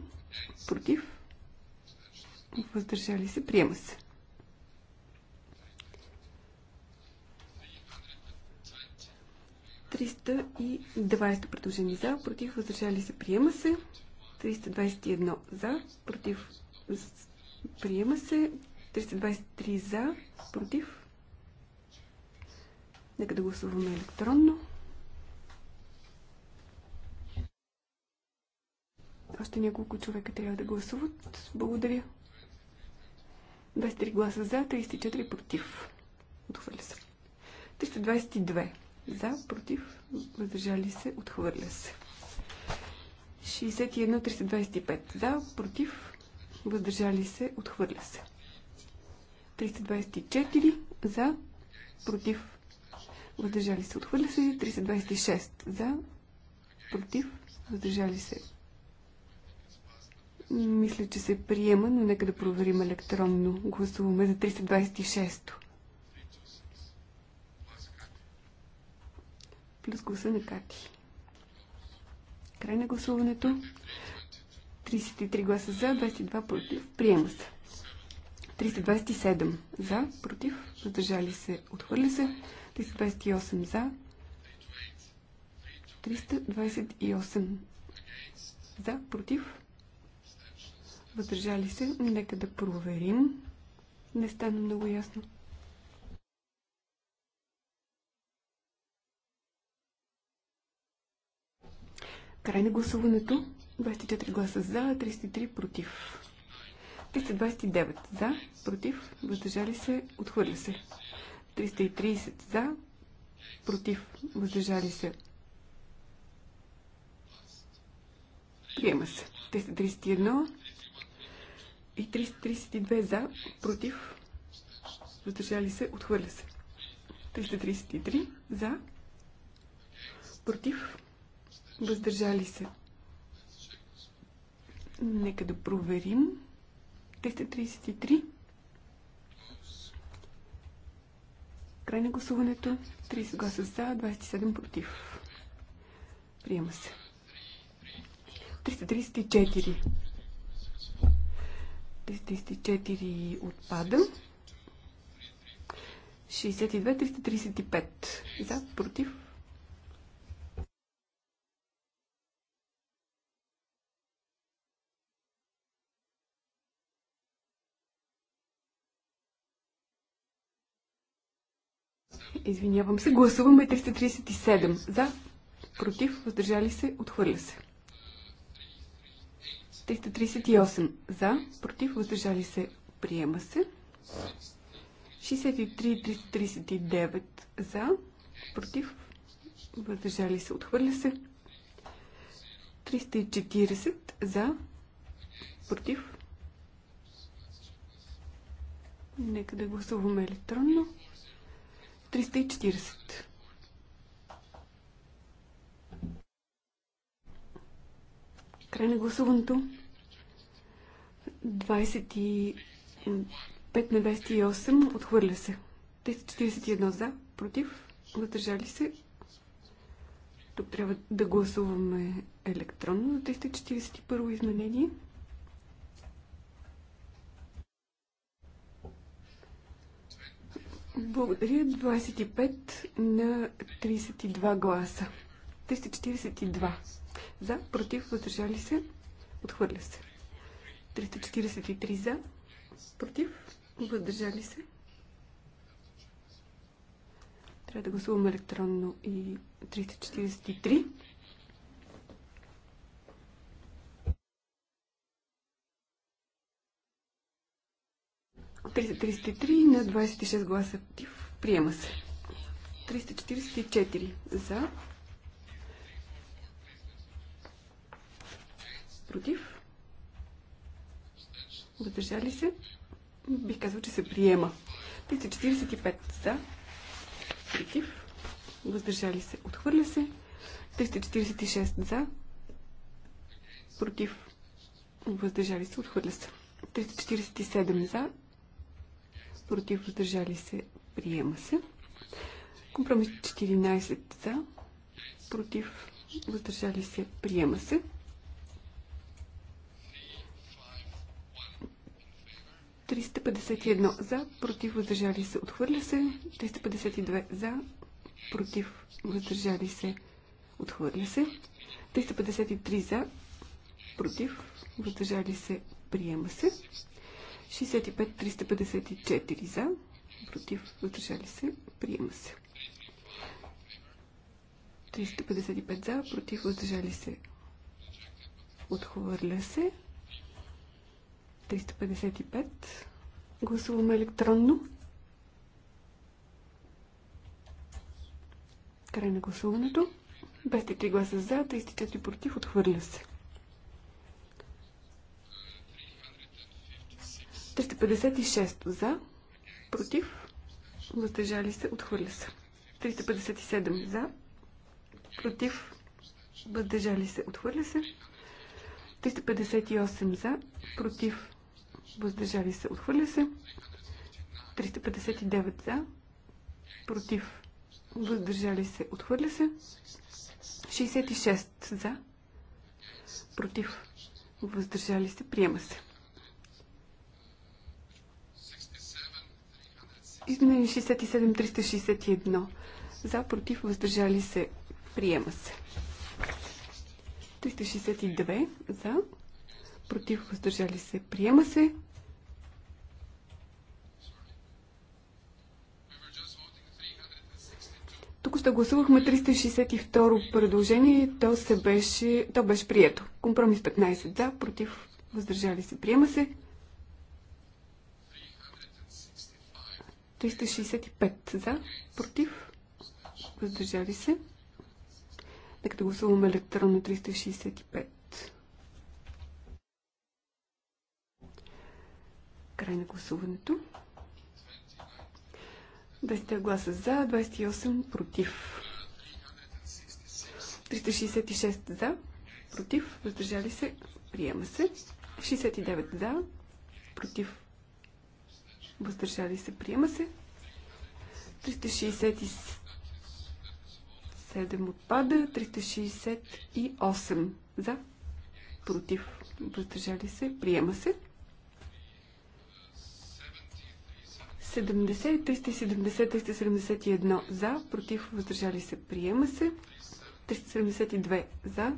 против, въздържали се, приема се. Триста и 20 предложени за, против, въздържали се, приема се. 321 за, против, приема се. 323 за, против. Нека да гласуваме електронно. Още няколко човека трябва да гласуват. Благодаря. 23 гласа за, 34 против. Отхвърля се. 322 за, против, въздържали се, отхвърля се. 61-325. За, против, въздържали се, отхвърля се. 324 за, против, въздържали се, отхвърля се. 326 за, против, въздържали се. Мисля, че се приема, но нека да проверим електронно. Гласуваме за 326. Плюс гласа на Кати. Край на гласуването. 33 гласа за, 22 против. Приема се. 327 за, против, въздържали се, отхвърли се. 328 за, 328 за, против, въздържали се. Нека да проверим. Не стана много ясно. 328. Край на гласуването. 24 гласа за, 33 против. 329 за, против, въздържали се, отхвърля се. 330 за, против, въздържали се. Приема се. 331 и 332 за, против, въздържали се, отхвърля се. 333 за, против, Въздържали се. Нека да проверим. 333. Край на гласуването. 30 гласа за, 27 против. Приема се. 334. 334 отпада. 62-335. За, против, Извинявам се. Гласуваме 337. За. Против. Въздържали се. Отхвърля се. 338. За. Против. Въздържали се. Приема се. 63 339 за. Против. Въздържали се. Отхвърля се. 340 за. Против. Нека да гласуваме електронно. 340. Край на гласуването. 25 на 28 отхвърля се. 341 за, против, въздържали се. Тук трябва да гласуваме електронно за 341 изменение. Благодаря. 25 на 32 гласа. 342. За, против, въздържали се. Отхвърля се. 343 за, против, въздържали се. Трябва да гласуваме електронно и 343. 333 на 26 гласа против. Приема се. 344 за. Против. Въздържали се. Бих казал, че се приема. 345 за. Против. Въздържали се. Отхвърля се. 346 за. Против. Въздържали се. Отхвърля се. 347 за против, въздържали се, приема се. Компромис 14 за, против, въздържали се, приема се. 351 за, против, въздържали се, отхвърля се. 352 за, против, въздържали се, отхвърля се. 353 за, против, въздържали се, приема се. 65-354 за, против, въздържали се, приема се. 355 за, против, въздържали се, отхвърля се. 355. Гласуваме електронно. Край на гласуването. 203 гласа за, 34 против, отхвърля се. 356 за, против, въздържали се, отхвърля се. 357 за, против, въздържали се, отхвърля се. 358 за, против, въздържали се, отхвърля се. 359 за, против, въздържали се, отхвърля се. 66 за, против, въздържали се, приема се. Изменение 67-361. За, против, въздържали се. Приема се. 362. За, против, въздържали се. Приема се. Тук ще гласувахме 362 предложение. То, се беше, то беше прието. Компромис 15 за, против, въздържали се. Приема се. 365 за, против, въздържали се. Нека да гласуваме електронно 365. Край на гласуването. 20 гласа за, 28 против. 366 за, против, въздържали се, приема се. 69 за, против, въздържали се, приема се. 367 отпада, 368 за, против, въздържали се, приема се. 70, 370, 371 за, против, въздържали се, приема се. 372 за,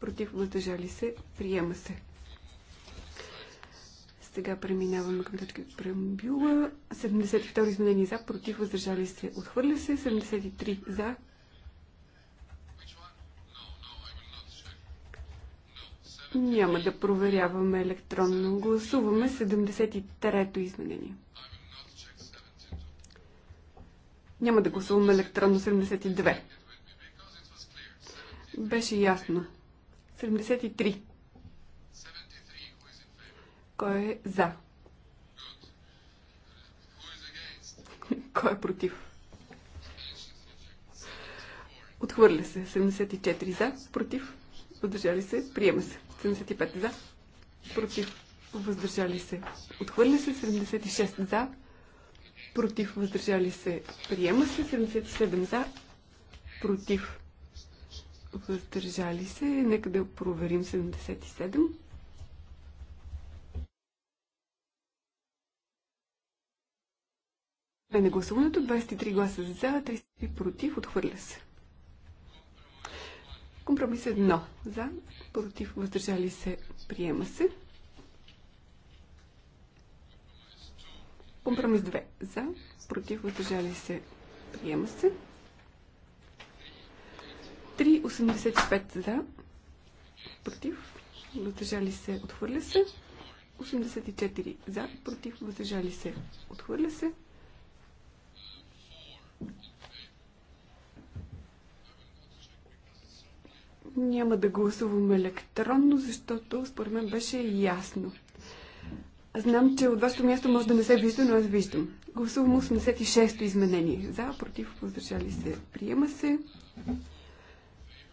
против, въздържали се, приема се. Сега преминаваме към точка преамбюла. 72 изменение за, против, въздържали се, отхвърля се. 73 за. Няма да проверяваме електронно. Гласуваме 73-то изменение. Няма да гласуваме електронно 72. Беше ясно. 73. Кой е за? Кой е против? Отхвърля се. 74 за, против. Въздържали се. Приема се. 75 за, против. Въздържали се. Отхвърля се. 76 за, против. Въздържали се. Приема се. 77 за, против. Въздържали се. Нека да проверим 77. Е, на гласуването 23 гласа за, 33 против, отхвърля се. Компромис 1 за, против, въздържали се, приема се. Компромис 2 за, против, въздържали се, приема се. 3,85 за, против, въздържали се, отхвърля се. 84 за, против, въздържали се, отхвърля се. Няма да гласувам електронно, защото според мен беше ясно. Знам, че от вашето място може да не се вижда, но аз виждам. Гласувам 86-то изменение. За, против, въздържали се. Приема се.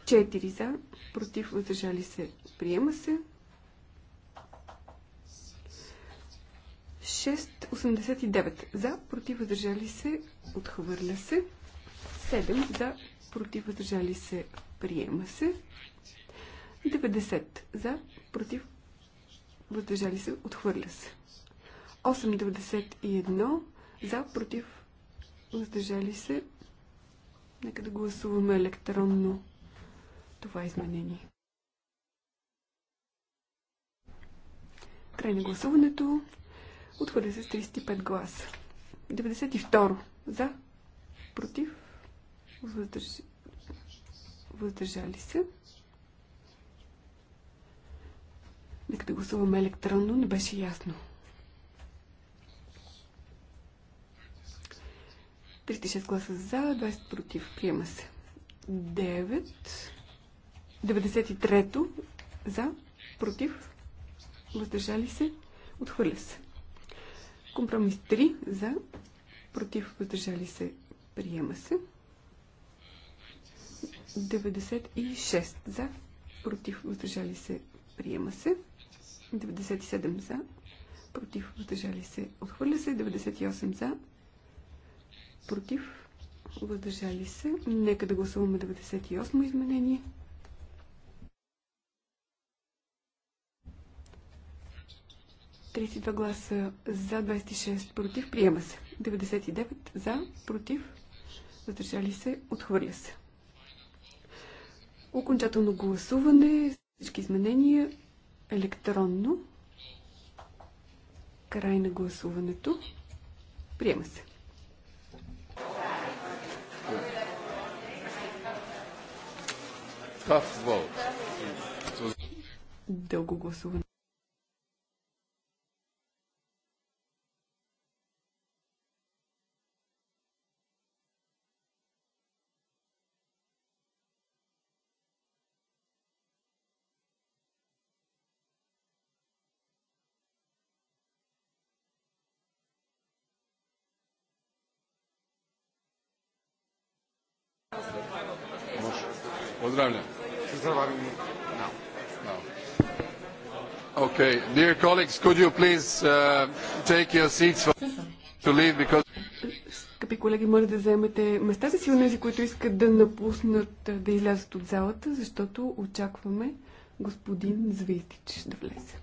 4 за, против, въздържали се. Приема се. 6,89 за, против, въздържали се. Отхвърля се. 7 за, против, въздържали се. Приема се. 90 за, против, въздържали се, отхвърля се. 8,91 за, против, въздържали се. Нека да гласуваме електронно това изменение. Край на гласуването. Отхвърля се с 35 гласа. 92 за, против, въздържали въздържали се. Нека да гласуваме електронно, не беше ясно. 36 гласа за, 20 против. Приема се. 9. 93-то за, против, въздържали се, отхвърля се. Компромис 3 за, против, въздържали се, приема се. 96 за, против, въздържали се, приема се. 97 за, против, въздържали се, отхвърля се. 98 за, против, въздържали се. Нека да гласуваме 98 изменение. Тридесет гласа за, 26 против, приема се. 99 за, против, въздържали се, отхвърля се. Окончателно гласуване, всички изменения електронно. Край на гласуването. Приема се. Дълго гласуване. Pozdravljam. Okay, dear colleagues, could you please uh, take your seats for, to leave because... Скъпи колеги, моля да заемете местата си, онези, които искат да напуснат, да излязат от залата, защото очакваме господин Звездич да влезе.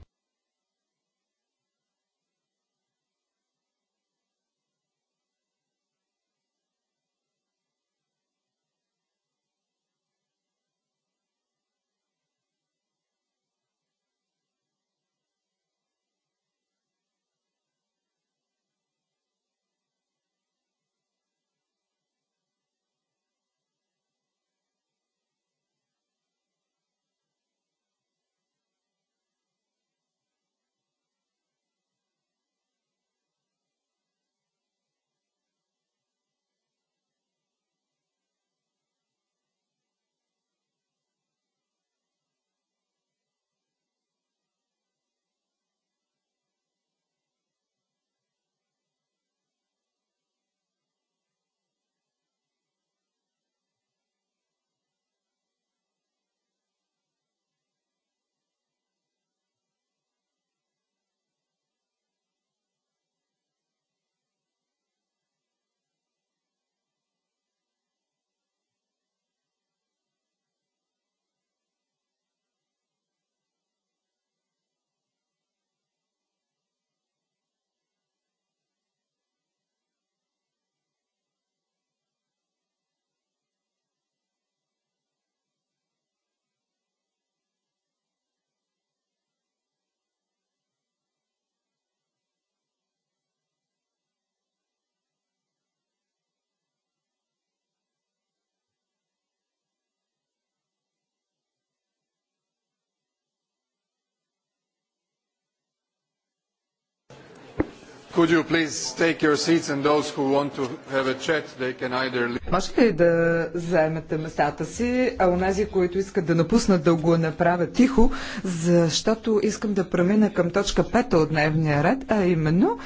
Could you please take your seats and those who want to have a chat, they can either Можете ли да заемете местата си, а онези, които искат да напуснат да го направят тихо, защото искам да премина към точка 5 от дневния ред, а именно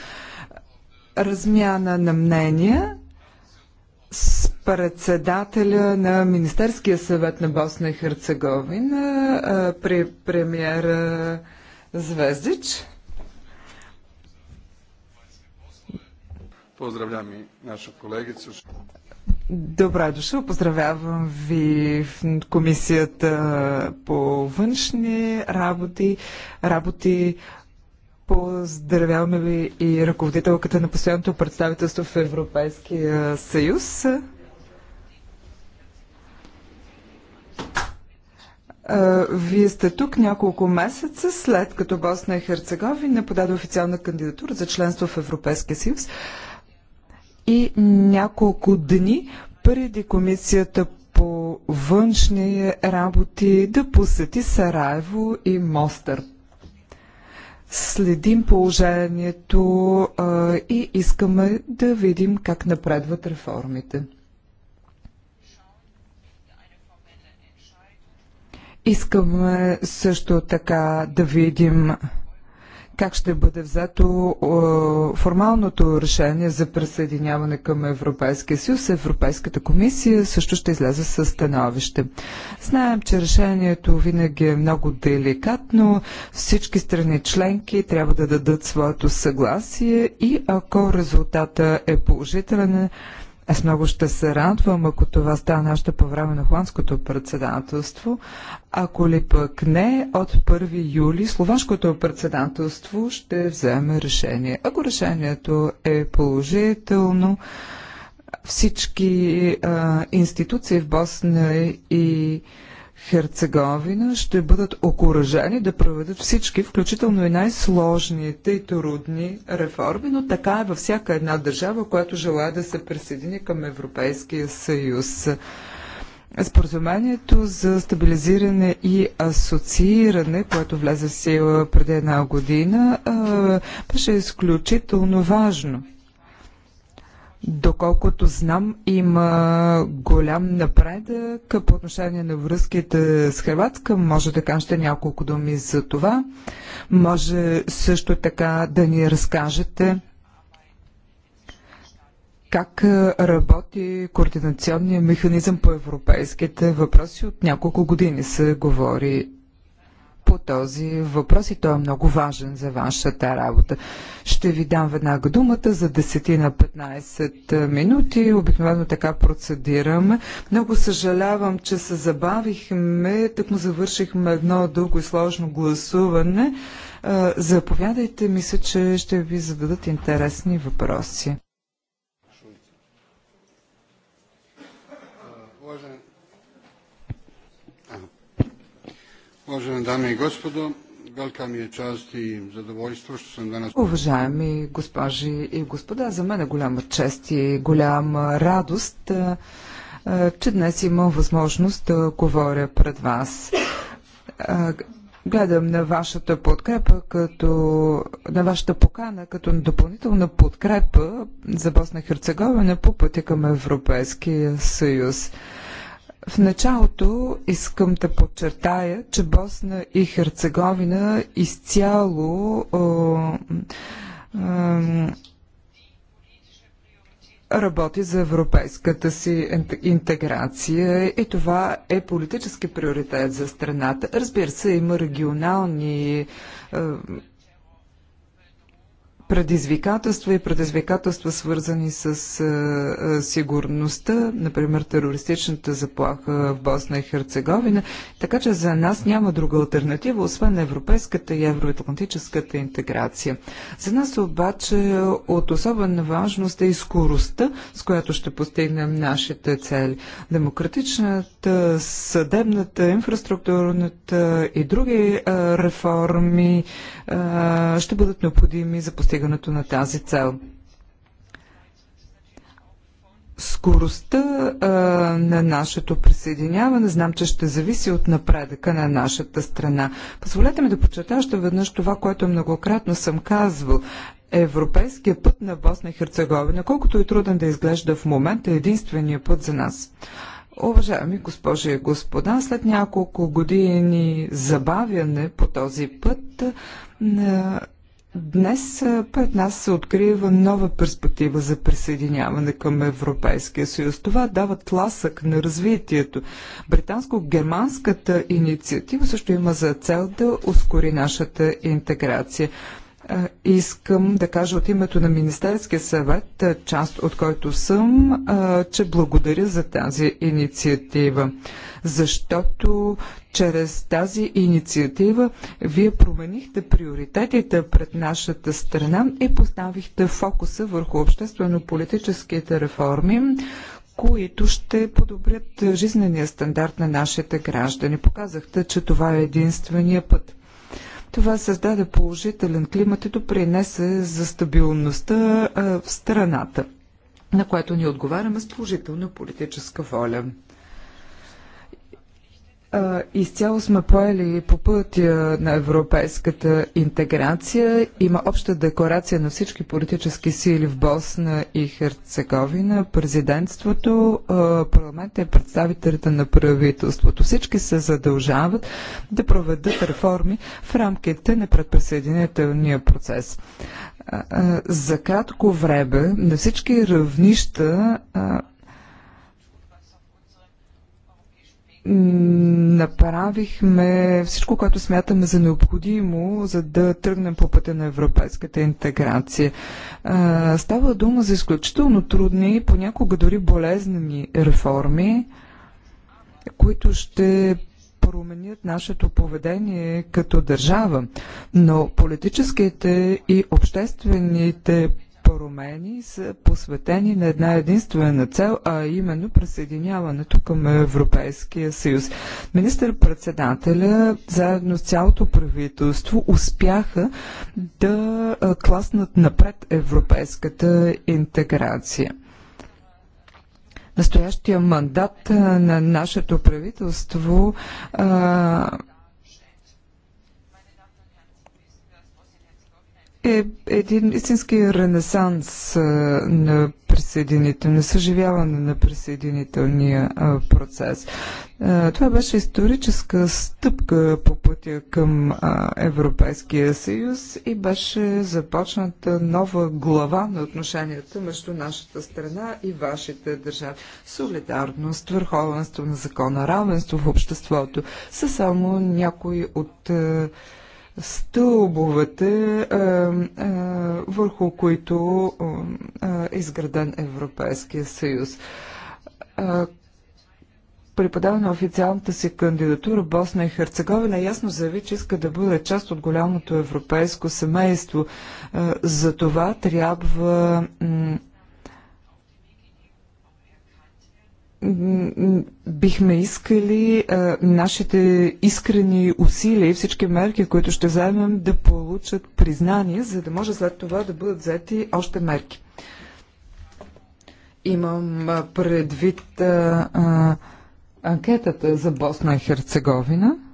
размяна на мнения с председателя на Министерския съвет на Босна и Херцеговина при премиера Звездич. Поздравлям и наша колегица. Добре дошъл. Поздравявам ви в комисията по външни работи. работи. Поздравяваме ви и ръководителката на постоянното представителство в Европейския съюз. Вие сте тук няколко месеца след като Босна и Херцеговина подаде официална кандидатура за членство в Европейския съюз и няколко дни преди комисията по външни работи да посети Сараево и Мостър. Следим положението а, и искаме да видим как напредват реформите. Искаме също така да видим как ще бъде взето е, формалното решение за присъединяване към Европейския съюз. Европейската комисия също ще излезе с становище. Знаем, че решението винаги е много деликатно. Всички страни членки трябва да дадат своето съгласие и ако резултата е положителен, аз много ще се радвам, ако това стане още по време на холандското председателство. Ако ли пък не, от 1 юли словашкото председателство ще вземе решение. Ако решението е положително, всички а, институции в Босна и Херцеговина ще бъдат окоръжени да проведат всички, включително и най-сложните и трудни реформи, но така е във всяка една държава, която желая да се присъедини към Европейския съюз. Споразумението за стабилизиране и асоцииране, което влезе в сила преди една година, беше изключително важно. Доколкото знам, има голям напредък по отношение на връзките с Хрватска. Може да кажете няколко думи за това. Може също така да ни разкажете как работи координационният механизъм по европейските въпроси. От няколко години се говори по този въпрос и той е много важен за вашата работа. Ще ви дам веднага думата за 10 на 15 минути. Обикновено така процедираме. Много съжалявам, че се забавихме, тък му завършихме едно дълго и сложно гласуване. Е, заповядайте, мисля, че ще ви зададат интересни въпроси. Уважаеми дами и господа, велика ми е част и задоволство, що съм днес. Уважаеми госпожи и господа, за мен е голяма чест и голяма радост, че днес имам възможност да говоря пред вас. Гледам на вашата подкрепа като на вашата покана като допълнителна подкрепа за Босна и Херцеговина по пътя към Европейския съюз. В началото искам да подчертая, че Босна и Херцеговина изцяло работи за европейската си интеграция и това е политически приоритет за страната. Разбира се, има регионални предизвикателства и предизвикателства свързани с а, сигурността, например терористичната заплаха в Босна и Херцеговина. Така че за нас няма друга альтернатива, освен европейската и евроатлантическата интеграция. За нас обаче от особена важност е и скоростта, с която ще постигнем нашите цели. Демократичната, съдебната, инфраструктурната и други а, реформи а, ще бъдат необходими за постигането постигането на тази цел. Скоростта а, на нашето присъединяване знам, че ще зависи от напредъка на нашата страна. Позволете ми да почета още веднъж това, което многократно съм казвал. Европейският път на Босна и Херцеговина, колкото е труден да изглежда в момента, е единствения път за нас. Уважаеми госпожи и господа, след няколко години забавяне по този път, Днес пред нас се открива нова перспектива за присъединяване към Европейския съюз. Това дава тласък на развитието. Британско-германската инициатива също има за цел да ускори нашата интеграция искам да кажа от името на Министерския съвет, част от който съм, че благодаря за тази инициатива, защото чрез тази инициатива вие променихте приоритетите пред нашата страна и поставихте фокуса върху обществено-политическите реформи, които ще подобрят жизнения стандарт на нашите граждани. Показахте, че това е единствения път. Това създаде положителен климат и допринесе за стабилността в страната, на което ни отговаряме с положителна политическа воля. Изцяло сме поели по пътя на европейската интеграция. Има обща декларация на всички политически сили в Босна и Херцеговина, президентството, парламента и е представителите на правителството. Всички се задължават да проведат реформи в рамките на предприсъединителния процес. За кратко време на всички равнища направихме всичко, което смятаме за необходимо, за да тръгнем по пътя на европейската интеграция. Става дума за изключително трудни, понякога дори болезнени реформи, които ще променят нашето поведение като държава, но политическите и обществените промени са посветени на една единствена цел, а именно присъединяването към Европейския съюз. Министър-председателя заедно с цялото правителство успяха да класнат напред европейската интеграция. Настоящия мандат на нашето правителство а, е един истински ренесанс на присъединително, съживяване на присъединителния процес. Това беше историческа стъпка по пътя към Европейския съюз и беше започната нова глава на отношенията между нашата страна и вашите държави. Солидарност, върховенство на закона, равенство в обществото са само някои от стълбовете, е, е, върху които е, е изграден Европейския съюз. А, подаване на официалната си кандидатура Босна и Херцеговина ясно заяви, че иска да бъде част от голямото европейско семейство. За това трябва бихме искали а, нашите искрени усилия и всички мерки, които ще вземем, да получат признание, за да може след това да бъдат взети още мерки. Имам предвид а, а, анкетата за Босна и Херцеговина –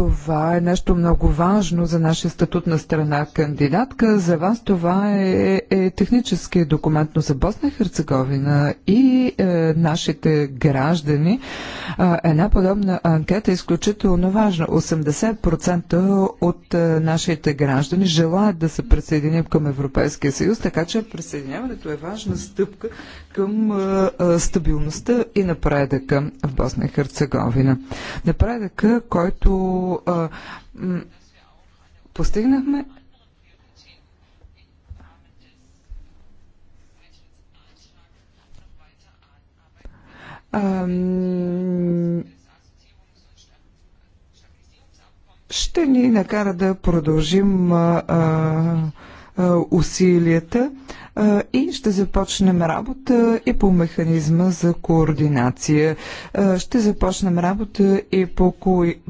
Това е нещо много важно за нашия статут на страна кандидатка. За вас това е, е, е технически документ, но за Босна и Херцеговина и е, нашите граждани е, една подобна анкета е изключително важна. 80% от е, нашите граждани желаят да се присъединим към Европейския съюз, така че присъединяването е важна стъпка към е, е, стабилността и напредъка в Босна и Херцеговина. Напредъка, който а, м, постигнахме. А, ще ни накара да продължим а, а, усилията и ще започнем работа и по механизма за координация. Ще започнем работа и по,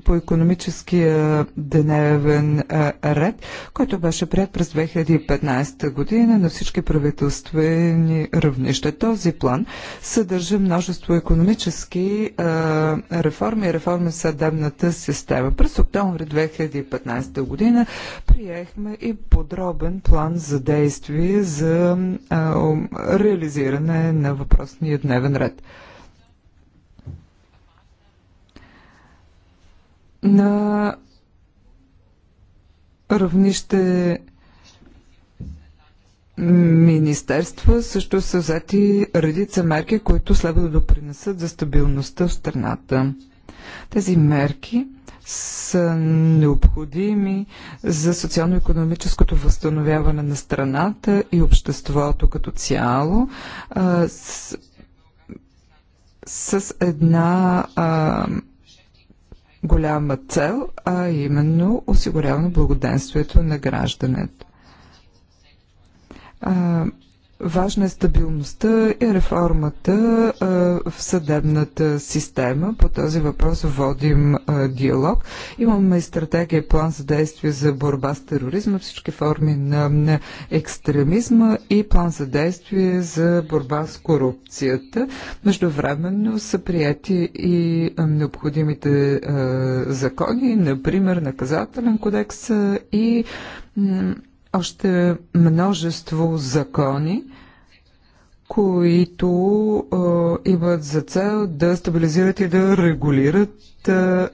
по економическия дневен ред, който беше прият през 2015 година на всички правителствени равнища. Този план съдържа множество економически реформи и реформи в съдебната система. През октомври 2015 година приехме и подробен план план за действие за реализиране на въпросния дневен ред. На равнище министерства също са взети редица мерки, които следва да допринесат за стабилността в страната. Тези мерки са необходими за социално-економическото възстановяване на страната и обществото като цяло с, с една а, голяма цел, а именно осигуряване благоденствието на гражданите. Важна е стабилността и реформата в съдебната система. По този въпрос водим диалог. Имаме и стратегия план за действие за борба с тероризма, всички форми на екстремизма и план за действие за борба с корупцията. Междувременно са прияти и необходимите закони, например наказателен кодекс и още множество закони, които е, имат за цел да стабилизират и да регулират е,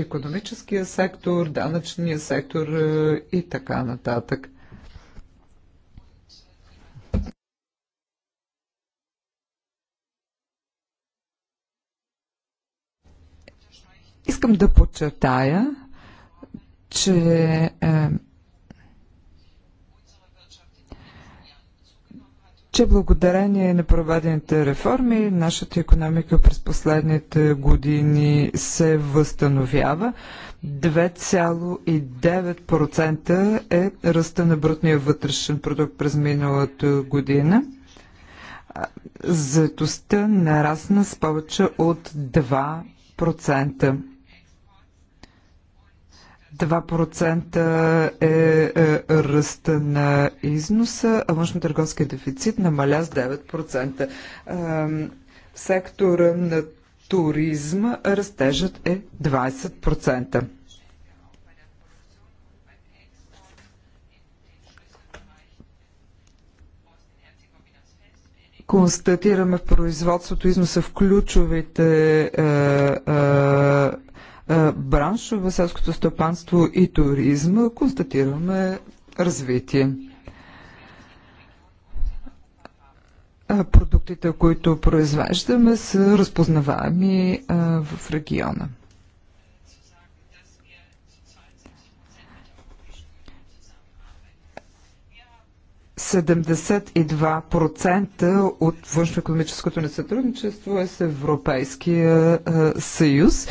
економическия сектор, данъчния сектор е, и така нататък. Искам да подчертая, че е, че благодарение на проведените реформи нашата економика през последните години се възстановява. 2,9% е ръста на брутния вътрешен продукт през миналата година. Заетостта нарасна с повече от 2%. 2% е, е ръста на износа, а външно-търговския дефицит намаля с 9%. Е, в сектора на туризма растежът е 20%. констатираме в производството износа в ключовите е, е, е, браншове, селското стопанство и туризма, констатираме развитие. Е, продуктите, които произвеждаме, са разпознаваеми е, в региона. Седемдесет и два процента от външно-економическото ни сътрудничество е с Европейския съюз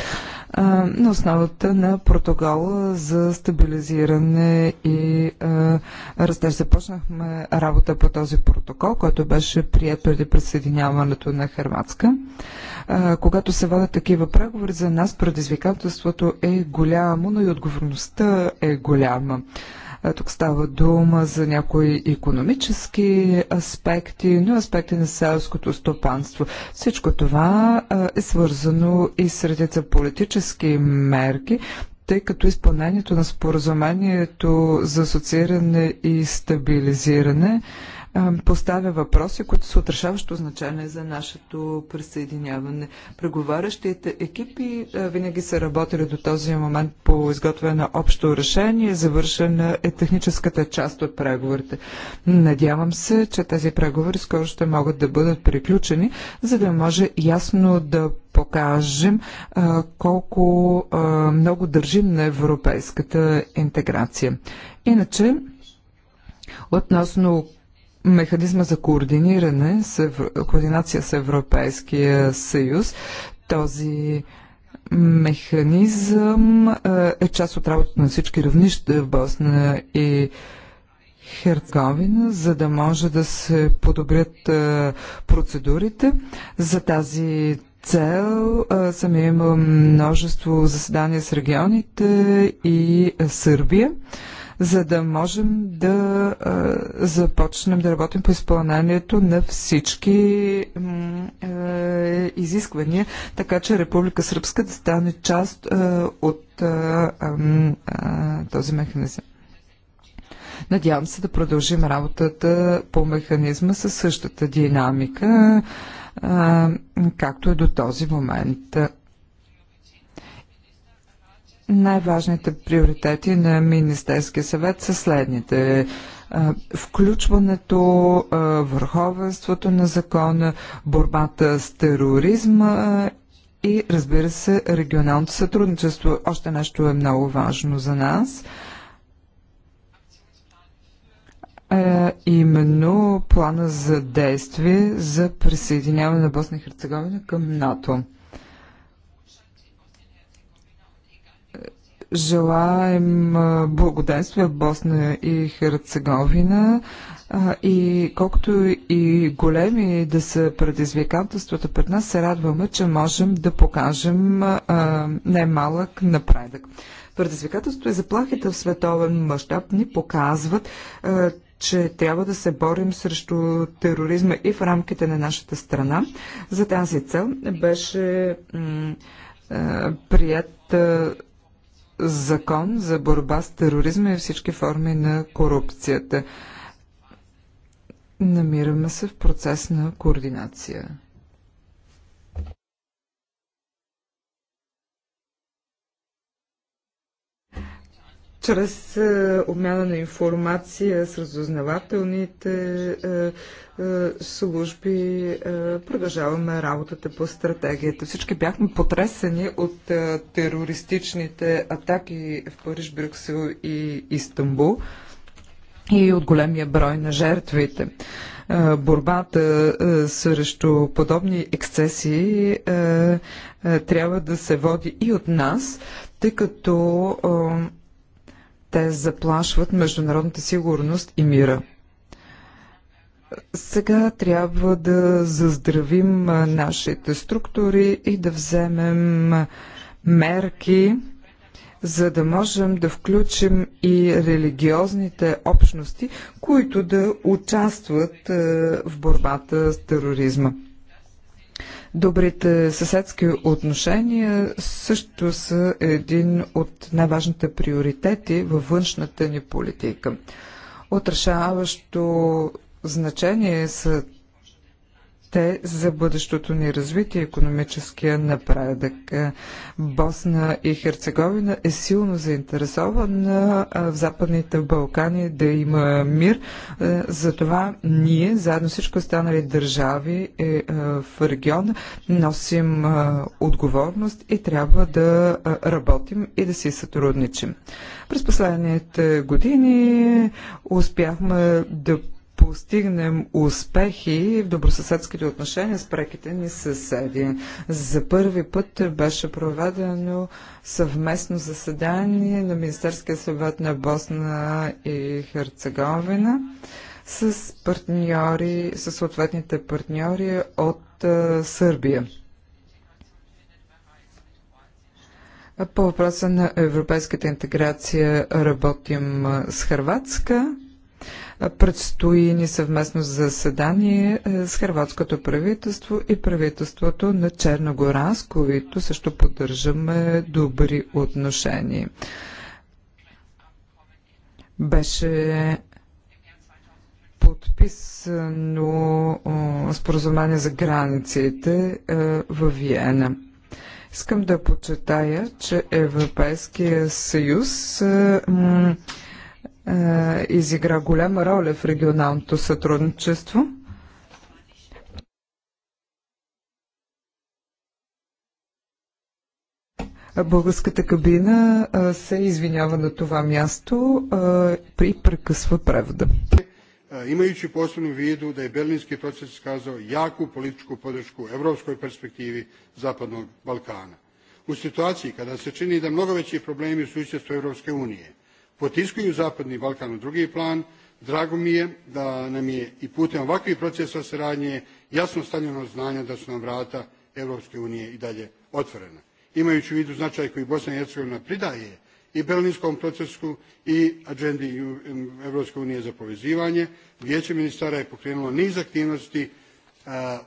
на основата на протокола за стабилизиране и растеж. Започнахме работа по този протокол, който беше прият преди присъединяването на Хрватска. Когато се водят такива преговори, за нас предизвикателството е голямо, но и отговорността е голяма. Е, тук става дума за някои економически аспекти, но аспекти на селското стопанство. Всичко това е, е свързано и с редица политически мерки, тъй като изпълнението на споразумението за асоцииране и стабилизиране поставя въпроси, които са отрешаващо значение за нашето присъединяване. Преговарящите екипи винаги са работили до този момент по изготвяне на общо решение, завършена е техническата част от преговорите. Надявам се, че тези преговори скоро ще могат да бъдат приключени, за да може ясно да покажем а, колко а, много държим на европейската интеграция. Иначе, относно механизма за координиране, с, координация с Европейския съюз. Този механизъм е, е част от работата на всички равнища в Босна и Херцеговина, за да може да се подобрят е, процедурите. За тази цел е, съм имал множество заседания с регионите и Сърбия за да можем да а, започнем да работим по изпълнението на всички а, изисквания, така че Република Сръбска да стане част а, от а, а, този механизъм. Надявам се да продължим работата по механизма със същата динамика, а, както е до този момент. Най-важните приоритети на Министерския съвет са следните. Включването, върховенството на закона, борбата с тероризма и, разбира се, регионалното сътрудничество. Още нещо е много важно за нас. Е, именно плана за действие за присъединяване на Босна и Херцеговина към НАТО. Желаем благоденствие в Босна и Херцеговина и колкото и големи да са предизвикателствата пред нас, се радваме, че можем да покажем немалък напредък. Предизвикателството и заплахите в световен мащаб ни показват, че трябва да се борим срещу тероризма и в рамките на нашата страна. За тази цел беше прият закон за борба с тероризма и всички форми на корупцията. Намираме се в процес на координация. чрез е, обмяна на информация с разузнавателните е, е, служби. Продължаваме работата по стратегията. Всички бяхме потресени от терористичните атаки в Париж, Брюксел и Истанбул и от големия брой на жертвите. Борбата срещу подобни ексцесии трябва да се води и от нас, тъй като те заплашват международната сигурност и мира. Сега трябва да заздравим нашите структури и да вземем мерки, за да можем да включим и религиозните общности, които да участват в борбата с тероризма. Добрите съседски отношения също са един от най-важните приоритети във външната ни политика. Отрешаващо значение са те за бъдещото ни развитие и економическия напредък. Е, Босна и Херцеговина е силно заинтересована е, в Западните Балкани да има мир. Е, затова ние, заедно всички останали държави в региона, носим отговорност и трябва да работим и да си сътрудничим. През последните години успяхме да постигнем успехи в добросъседските отношения с преките ни съседи. За първи път беше проведено съвместно заседание на Министерския съвет на Босна и Херцеговина с партньори, с съответните партньори от Сърбия. По въпроса на европейската интеграция работим с Хрватска Предстои ни съвместно заседание е, с хрватското правителство и правителството на Черногора, с които също поддържаме добри отношения. Беше подписано споразумение за границите е, в Виена. Искам да почетая, че Европейския съюз е, е, изигра голяма роля в регионалното сътрудничество. Българската кабина е, се извинява на това място а, е, при прекъсва превода. Е, Имајући посебну виду да е Берлински процес сказао јаку политичку подршку у европској перспективи Западног Балкана. У ситуацији када се чини да много већи проблеми у сусједству Европске уније, potiskuju Zapadni Balkan u drugi plan. Drago mi je da nam je i putem ovakvih procesa saradnje jasno stavljeno znanje da su nam vrata Europske unije i dalje otvorena. Imajući u vidu značaj koji Bosna i Hercegovina pridaje i berlinskom procesu i agendi Europske unije za povezivanje, Vijeće ministara je pokrenulo niz aktivnosti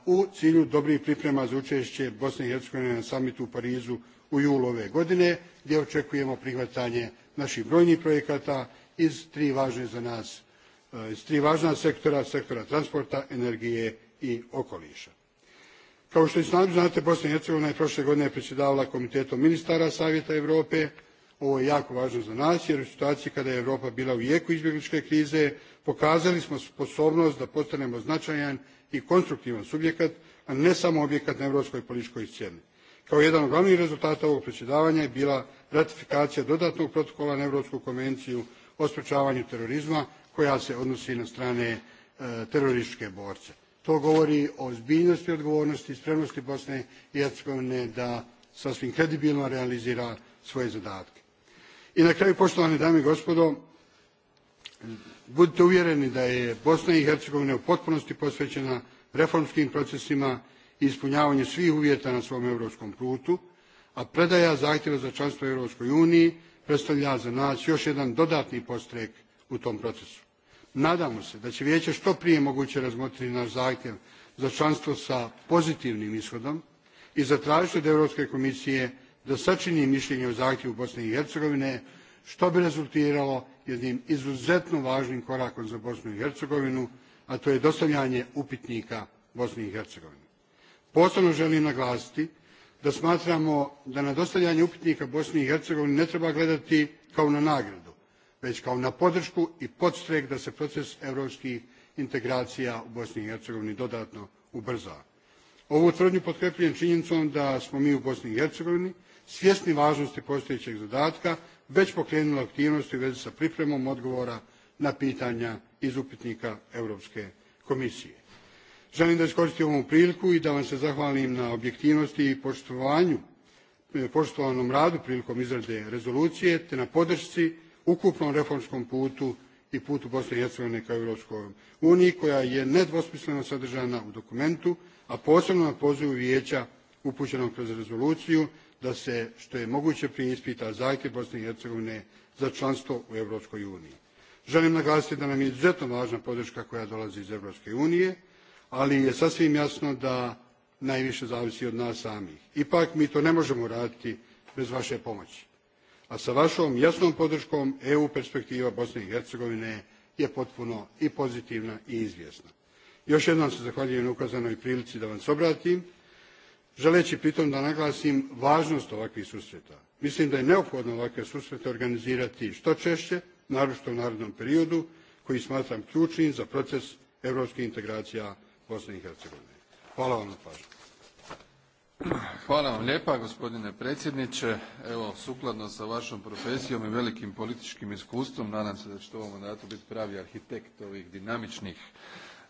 u cilju dobrih priprema za učešće Bosne i Hercegovine na samitu u Parizu u julu ove godine, gdje očekujemo prihvatanje naših brojnih projekata iz tri važne za nas, iz tri važna sektora, sektora transporta, energije i okoliša. Kao što i sami znate, Bosna i Hercegovina je prošle godine predsjedavala Komitetom ministara Savjeta Europe. Ovo je jako važno za nas jer u situaciji kada je Europa bila u jeku izbjegličke krize pokazali smo sposobnost da postanemo značajan i konstruktivan subjekat, a ne samo objekat na europskoj političkoj sceni. Kao jedan od glavnih rezultata ovog predsjedavanja je bila ratifikacija dodatnog protokola na Europsku konvenciju o sprečavanju terorizma koja se odnosi na strane terorističke borce. To govori o ozbiljnosti, odgovornosti i spremnosti Bosne i Hercegovine da sasvim kredibilno realizira svoje zadatke. I na kraju, poštovane dame i gospodo, budite uvjereni da je Bosna i Hercegovina u potpunosti posvećena reformskim procesima i ispunjavanju svih uvjeta na svom europskom putu, a predaja zahtjeva za članstvo u Europskoj uniji predstavlja za nas još jedan dodatni postrek u tom procesu. Nadamo se da će vijeće što prije moguće razmotriti naš zahtjev za članstvo sa pozitivnim ishodom i zatražiti od Europske komisije da sačini mišljenje o zahtjevu Bosne i Hercegovine, što bi rezultiralo jednim izuzetno važnim korakom za Bosnu i Hercegovinu, a to je dostavljanje upitnika Bosni i Hercegovini. Posebno želim naglasiti da smatramo da na dostavljanje upitnika Bosni i Hercegovini ne treba gledati kao na nagradu, već kao na podršku i podstrek da se proces europskih integracija u Bosni i Hercegovini dodatno ubrza. Ovu tvrdnju potkrepljujem činjenicom da smo mi u Bosni i Hercegovini svjesni važnosti postojećeg zadatka već pokrenuli aktivnosti u vezi sa pripremom odgovora na pitanja iz upitnika Europske komisije. Želim da iskoristim ovu priliku i da vam se zahvalim na objektivnosti i poštovanju, poštovanom radu prilikom izrade rezolucije, te na podršci ukupnom reformskom putu i putu Bosne i Hercegovine ka Europskoj uniji, koja je nedvosmisleno sadržana u dokumentu, a posebno na pozivu vijeća upućenom kroz rezoluciju da se što je moguće preispita zahtjev Bosne i Hercegovine za članstvo u Europskoj uniji. Želim naglasiti da nam je izuzetno važna podrška koja dolazi iz Europske unije, ali je sasvim jasno da najviše zavisi od nas samih. Ipak mi to ne možemo raditi bez vaše pomoći. A sa vašom jasnom podrškom EU perspektiva Bosne i Hercegovine je potpuno i pozitivna i izvjesna. Još jednom se zahvaljujem na ukazanoj prilici da vam se obratim, želeći pritom da naglasim važnost ovakvih susreta. Mislim da je neophodno ovakve susrete organizirati što češće, naročito u narodnom periodu, koji smatram ključnim za proces evropskih integracija Bosne i Hercegovine. Hvala vam na pažnju. Hvala vam lijepa gospodine predsjedniče. Evo, sukladno sa vašom profesijom i velikim političkim iskustvom, nadam se da ćete u ovom mandatu biti pravi arhitekt ovih dinamičnih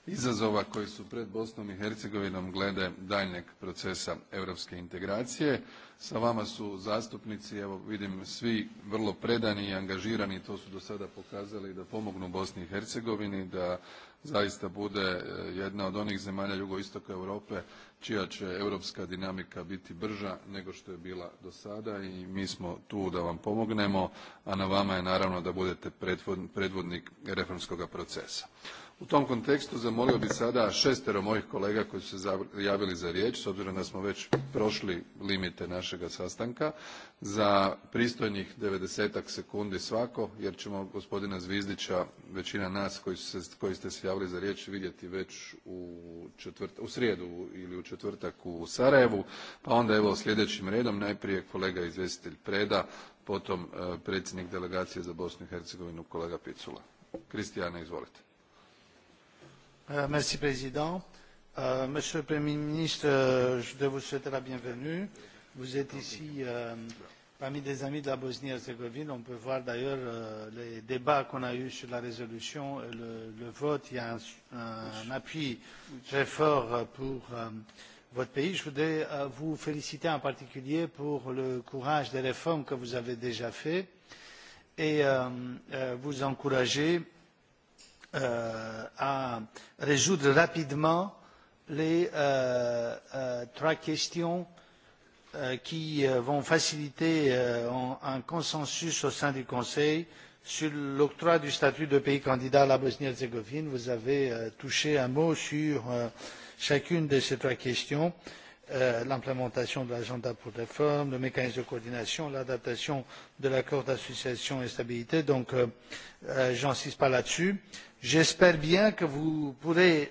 izazova koji su pred Bosnom i Hercegovinom glede daljnjeg procesa europske integracije. Sa vama su zastupnici, evo vidim, svi vrlo predani i angažirani, to su do sada pokazali da pomognu Bosni i Hercegovini, da zaista bude jedna od onih zemalja jugoistoka Europe čija će europska dinamika biti brža nego što je bila do sada i mi smo tu da vam pomognemo, a na vama je naravno da budete predvodnik reformskog procesa. U tom kontekstu zamolio bih sada šestero mojih kolega koji su se javili za riječ, s obzirom da smo već prošli limite našega sastanka, za pristojnih devedesetak sekundi svako, jer ćemo gospodina Zvizdića, većina nas koji, su se, koji ste se javili za riječ, vidjeti već u, četvrt, u srijedu ili u četvrtak u Sarajevu, pa onda evo sljedećim redom najprije kolega izvjestitelj Preda, potom predsjednik delegacije za Bosnu i Hercegovinu kolega Picula. Kristijane, izvolite. Monsieur le Président. Monsieur le Premier ministre, je voudrais vous souhaiter la bienvenue. Vous êtes ici parmi des amis de la Bosnie-Herzégovine. On peut voir d'ailleurs les débats qu'on a eus sur la résolution, et le, vote. Il y a un, appui très fort pour votre pays. Je voudrais vous féliciter en particulier pour le courage des réformes que vous avez déjà faites et vous encourager à résoudre rapidement les trois questions qui vont faciliter un consensus au sein du Conseil sur l'octroi du statut de pays candidat à la Bosnie-Herzégovine. Vous avez touché un mot sur chacune de ces trois questions l'implémentation de l'agenda pour les réforme le mécanisme de coordination l'adaptation de l'accord d'association et de stabilité donc je n'insiste pas là dessus. j'espère bien que vous pourrez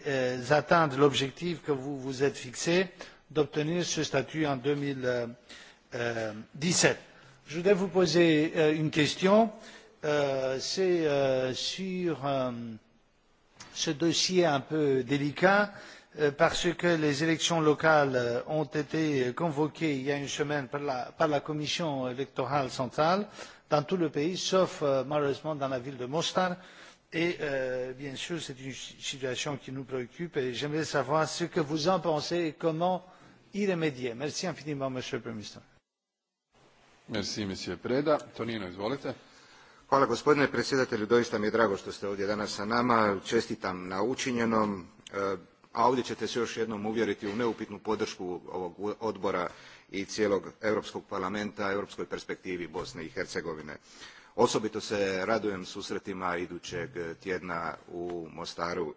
atteindre l'objectif que vous vous êtes fixé d'obtenir ce statut en. deux mille dix sept je voudrais vous poser une question c'est sur ce dossier un peu délicat parce que les élections locales ont été convoquées il y a une semaine par la commission électorale centrale dans tout le pays sauf malheureusement dans la ville de mostar et bien sûr c'est une situation qui nous préoccupe et j'aimerais savoir ce que vous en pensez et comment y remédier. merci infiniment monsieur le premier ministre. Hvala gospodine predsjedatelju, doista mi je drago što ste ovdje danas s nama. Čestitam na učinjenom a ovdje ćete se još jednom uvjeriti u neupitnu podršku ovog odbora i cijelog Europskog parlamenta europskoj perspektivi Bosne i Hercegovine. Osobito se radujem susretima idućeg tjedna u Mostaru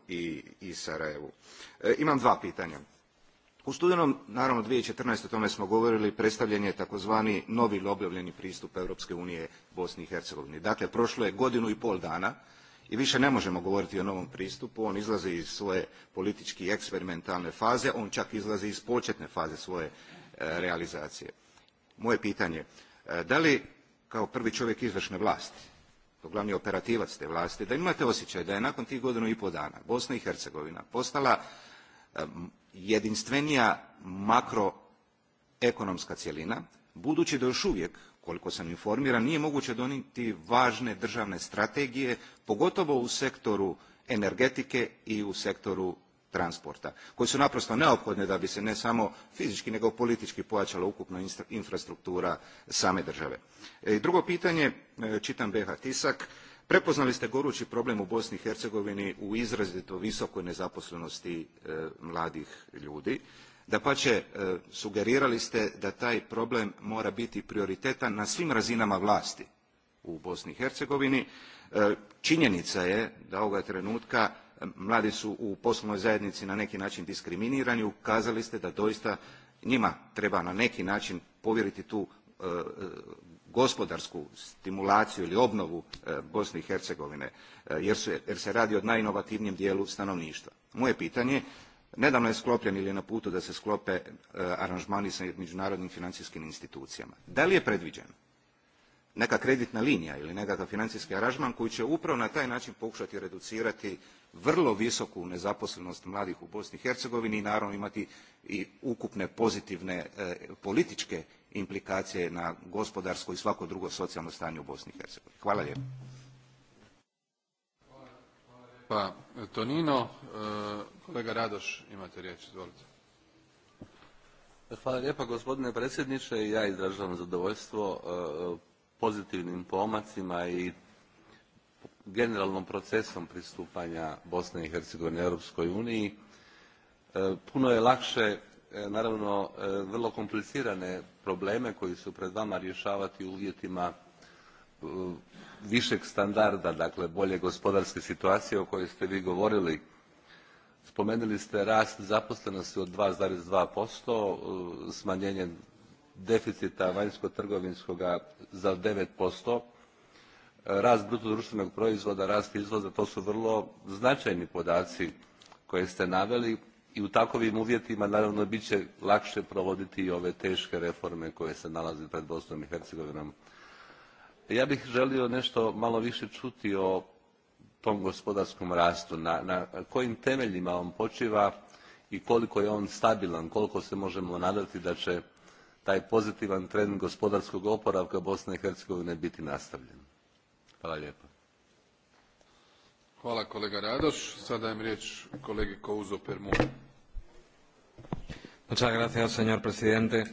i Sarajevu. Imam dva pitanja. U studenom, naravno 2014. o tome smo govorili, predstavljen je takozvani novi objavljeni pristup Europske unije Bosni i Hercegovini. Dakle, prošlo je godinu i pol dana i više ne možemo govoriti o novom pristupu. On izlazi iz svoje politički eksperimentalne faze, on čak izlazi iz početne faze svoje realizacije. Moje pitanje, da li kao prvi čovjek izvršne vlasti, kao glavni operativac te vlasti, da imate osjećaj da je nakon tih godinu i pol dana Bosna i Hercegovina postala jedinstvenija makroekonomska cjelina, budući da još uvijek koliko sam informiran, nije moguće donijeti važne državne strategije, pogotovo u sektoru energetike i u sektoru transporta, koje su naprosto neophodne da bi se ne samo fizički nego politički pojačala ukupna infrastruktura same države. I drugo pitanje, čitam BH Tisak, prepoznali ste gorući problem u Bosni i Hercegovini u izrazito visokoj nezaposlenosti mladih ljudi. Dapače, sugerirali ste da taj problem mora biti prioritetan na svim razinama vlasti u Bosni i Hercegovini. Činjenica je da ovoga trenutka mladi su u poslovnoj zajednici na neki način diskriminirani. Ukazali ste da doista njima treba na neki način povjeriti tu gospodarsku stimulaciju ili obnovu Bosne i Hercegovine, jer, se radi o najinovativnijem dijelu stanovništva. Moje pitanje Nedavno je sklopljen ili je na putu da se sklope aranžmani sa međunarodnim financijskim institucijama. Da li je predviđeno neka kreditna linija ili nekakav financijski aranžman koji će upravo na taj način pokušati reducirati vrlo visoku nezaposlenost mladih u Bosni i Hercegovini i naravno imati i ukupne pozitivne političke implikacije na gospodarsko i svako drugo socijalno stanje u Bosni i Hercegovini. Hvala lijepo lijepa Tonino. Kolega Radoš, imate riječ, izvolite. Hvala lijepa gospodine predsjedniče. Ja izražavam zadovoljstvo pozitivnim pomacima i generalnom procesom pristupanja Bosne i Hercegovine Europskoj uniji. Puno je lakše, naravno, vrlo komplicirane probleme koji su pred vama rješavati u uvjetima višeg standarda, dakle bolje gospodarske situacije o kojoj ste vi govorili. Spomenuli ste rast zaposlenosti od 2,2%, smanjenje deficita vanjsko-trgovinskog za 9%, rast brutodruštvenog proizvoda, rast izvoza, to su vrlo značajni podaci koje ste naveli i u takovim uvjetima naravno bit će lakše provoditi i ove teške reforme koje se nalaze pred Bosnom i Hercegovinom Ja bih želio nešto malo više čuti o tom gospodarskom rastu, na, na kojim temeljima on počiva i koliko je on stabilan, koliko se možemo nadati da će taj pozitivan trend gospodarskog oporavka Bosne i Hercegovine biti nastavljen. Hvala lijepo. Hvala kolega Radoš. Sada im riječ kolegi Kouzo Permur. Muchas gracias, señor presidente.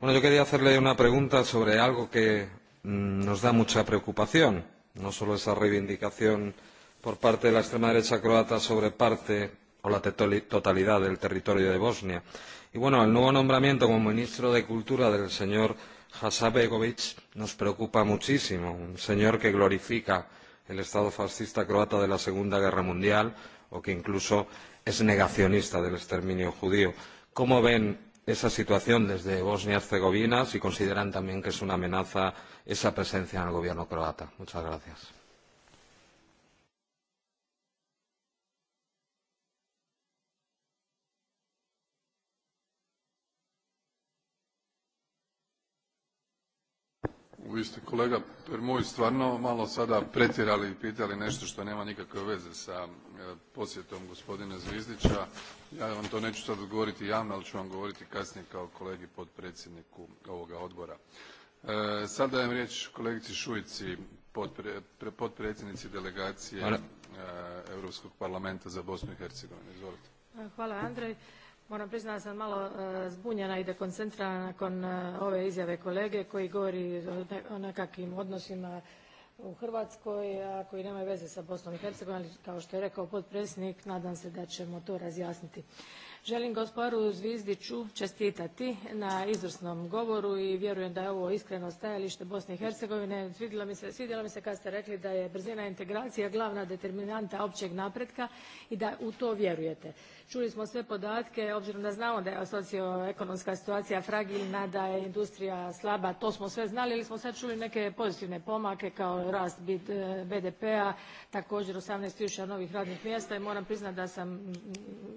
Bueno, yo quería hacerle una pregunta sobre algo que nos da mucha preocupación, no solo esa reivindicación por parte de la extrema derecha croata sobre parte o la totalidad del territorio de Bosnia. Y bueno, el nuevo nombramiento como ministro de Cultura del señor Hasabegovic nos preocupa muchísimo, un señor que glorifica el Estado fascista croata de la Segunda Guerra Mundial o que incluso es negacionista del exterminio judío. ¿Cómo ven esa situación desde Bosnia y Herzegovina, si consideran también que es una amenaza esa presencia en el gobierno croata. Muchas gracias. Vi ste kolega Permuj stvarno malo sada pretjerali i pitali nešto što nema nikakve veze sa posjetom gospodina Zvizdića. Ja vam to neću sad odgovoriti javno, ali ću vam govoriti kasnije kao kolegi potpredsjedniku ovoga odbora. Sada dajem riječ kolegici Šuici, potpredsjednici delegacije Europskog parlamenta za Bosnu i Hercegovinu. Izvolite. Hvala Andrej moram priznati da sam malo zbunjena i dekoncentrana nakon ove izjave kolege koji govori o nekakvim odnosima u hrvatskoj a koji nemaju veze sa bosnom i hercegovinom ali kao što je rekao potpredsjednik nadam se da ćemo to razjasniti. želim gospodaru zvizdiću čestitati na izvrsnom govoru i vjerujem da je ovo iskreno stajalište bosne i hercegovine. svidjelo mi se kad ste rekli da je brzina integracija glavna determinanta općeg napretka i da u to vjerujete. Čuli smo sve podatke, obzirom da znamo da je socioekonomska situacija fragilna, da je industrija slaba, to smo sve znali, ali smo sad čuli neke pozitivne pomake kao rast BDP-a, također 18 tisuća novih radnih mjesta i moram priznati da sam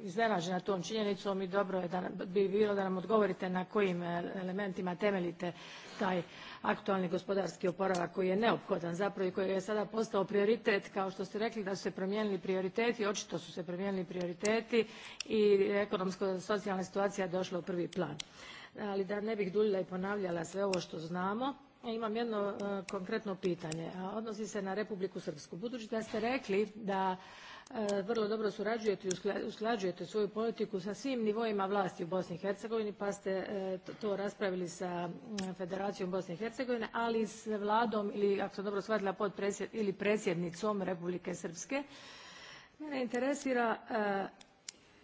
iznenađena tom činjenicom i dobro je da bi bilo da nam odgovorite na kojim elementima temeljite taj aktualni gospodarski oporavak koji je neophodan zapravo i koji je sada postao prioritet kao što ste rekli da su se promijenili prioriteti očito su se promijenili prioriteti i ekonomsko socijalna situacija je došla u prvi plan. ali da ne bih duljila i ponavljala sve ovo što znamo imam jedno konkretno pitanje a odnosi se na republiku srpsku. budui da ste rekli da vrlo dobro surađujete i usklađujete svoju politiku sa svim nivoima vlasti u Bosni i Hercegovini, pa ste to raspravili sa Federacijom Bosne i Hercegovine, ali i s vladom ili, ako sam dobro shvatila, ili predsjednicom Republike Srpske. Mene interesira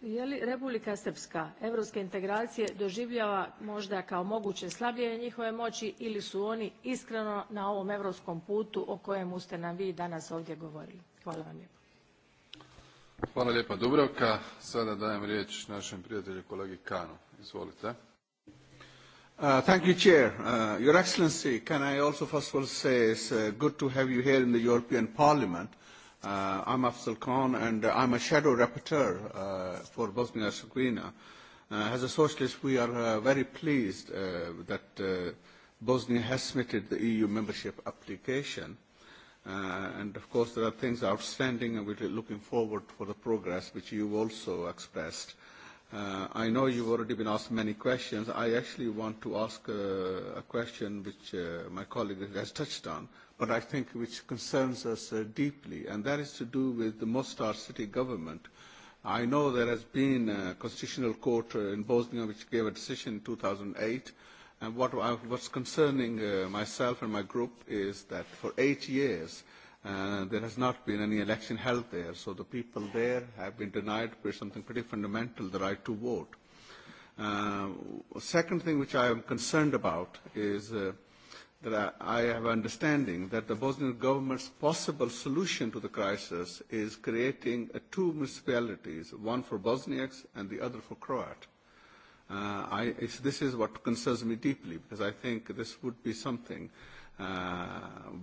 je li Republika Srpska europske integracije doživljava možda kao moguće slabljenje njihove moći ili su oni iskreno na ovom europskom putu o kojemu ste nam vi danas ovdje govorili? Hvala vam Hvala lijepa Dubravka. Sada dajem prijatelju kolegi Kanu. Izvolite. thank you, Chair. Uh, Your Excellency, can I also first of all say it's uh, good to have you here in the European Parliament. Uh, I'm Afzal Khan and I'm a shadow rapporteur uh, for Bosnia Herzegovina. Uh, as a socialist, we are uh, very pleased uh, that uh, Bosnia has submitted the EU membership application Uh, and of course, there are things outstanding, and we're looking forward for the progress which you also expressed. Uh, I know you've already been asked many questions. I actually want to ask uh, a question which uh, my colleague has touched on, but I think which concerns us uh, deeply, and that is to do with the Mostar city government. I know there has been a constitutional court in Bosnia which gave a decision in 2008, And what I, what's concerning uh, myself and my group is that for eight years, uh, there has not been any election held there. So the people there have been denied something pretty fundamental, the right to vote. Uh, second thing which I am concerned about is uh, that I, I have understanding that the Bosnian government's possible solution to the crisis is creating uh, two municipalities, one for Bosniaks and the other for Croats Uh, I, it's, this is what concerns me deeply because I think this would be something uh,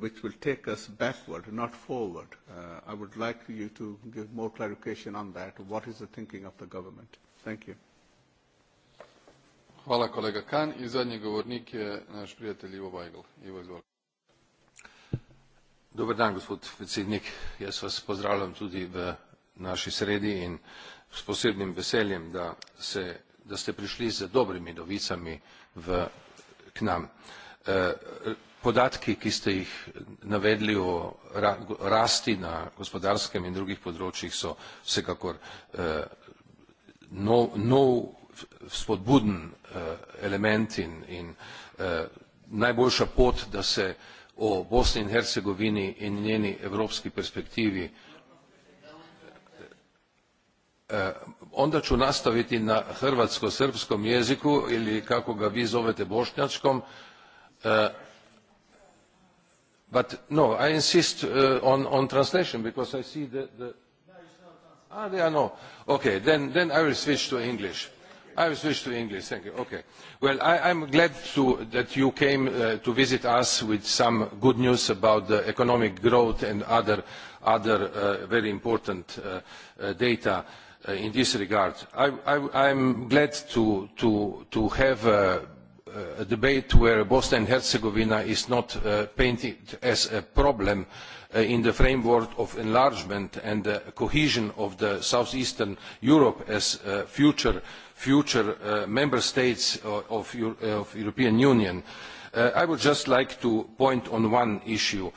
which will take us backward, not forward. Uh, I would like you to give more clarification on that. What is the thinking of the government? Thank you. Hvala kolega Kan i zadnji govornik je naš prijatelj Ivo Vajgl. Ivo, izvolite. Dobar dan, gospod predsednik. Jaz vas pozdravljam tudi v naši sredi in s posebnim veseljem, da se da ste prišli z dobrimi novicami v, k nam. Podatki, ki ste jih navedli o rasti na gospodarskem in drugih področjih, so vsekakor nov, nov spodbuden element in, in najboljša pot, da se o Bosni in Hercegovini in njeni evropski perspektivi onda ću nastaviti na hrvatsko-srpskom jeziku ili kako ga vi zovete bošnjačkom. But no, I insist uh, on, on translation because I see the... the ah, there are no. Okay, then, then I will switch to English. I will switch to English, thank you. Okay. Well, I, I'm glad to, that you came uh, to visit us with some good news about the economic growth and other, other uh, very important uh, uh, data in this regard. I am glad to have a debate where Bosnia and Herzegovina is not painted as a problem in the framework of enlargement and the cohesion of the southeastern Europe as future member states of the European Union. I would just like to point on one issue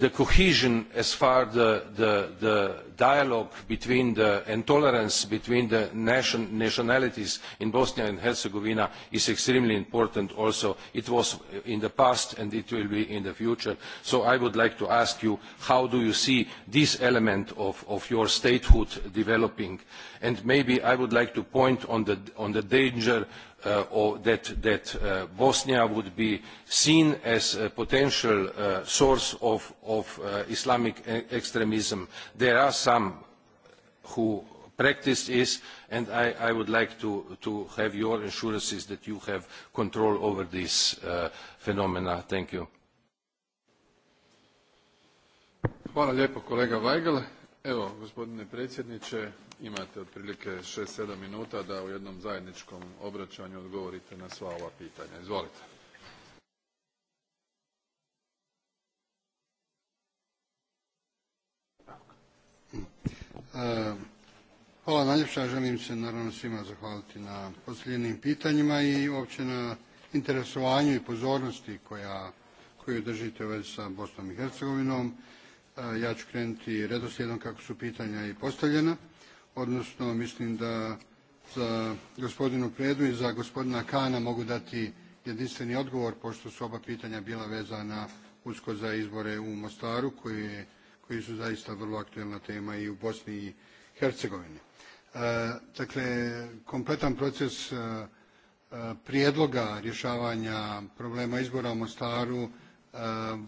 the cohesion as far the, the, the dialogue between the and tolerance between the nation, nationalities in Bosnia and Herzegovina is extremely important also. It was in the past and it will be in the future. So I would like to ask you, how do you see this element of, of your statehood developing? And maybe I would like to point on the, on the danger that, Bosnia would be seen as a potential source of, Islamic extremism. There are some who practice this, and I, I would like to, have your assurances that you have control over this phenomena. Thank you. Hvala lijepo kolega Weigel. Evo, gospodine predsjedniče, imate otprilike šest sedam minuta da u jednom zajedničkom obraćanju odgovorite na sva ova pitanja. Izvolite. Hvala najljepša. Želim se naravno svima zahvaliti na postavljenim pitanjima i uopće na interesovanju i pozornosti koja, koju držite u vezi sa Bosnom i Hercegovinom. Ja ću krenuti redoslijedom kako su pitanja i postavljena odnosno mislim da za gospodinu Predu i za gospodina Kana mogu dati jedinstveni odgovor, pošto su oba pitanja bila vezana usko za izbore u Mostaru, koji, je, koji su zaista vrlo aktuelna tema i u Bosni i Hercegovini. E, dakle, kompletan proces e, prijedloga rješavanja problema izbora u Mostaru e,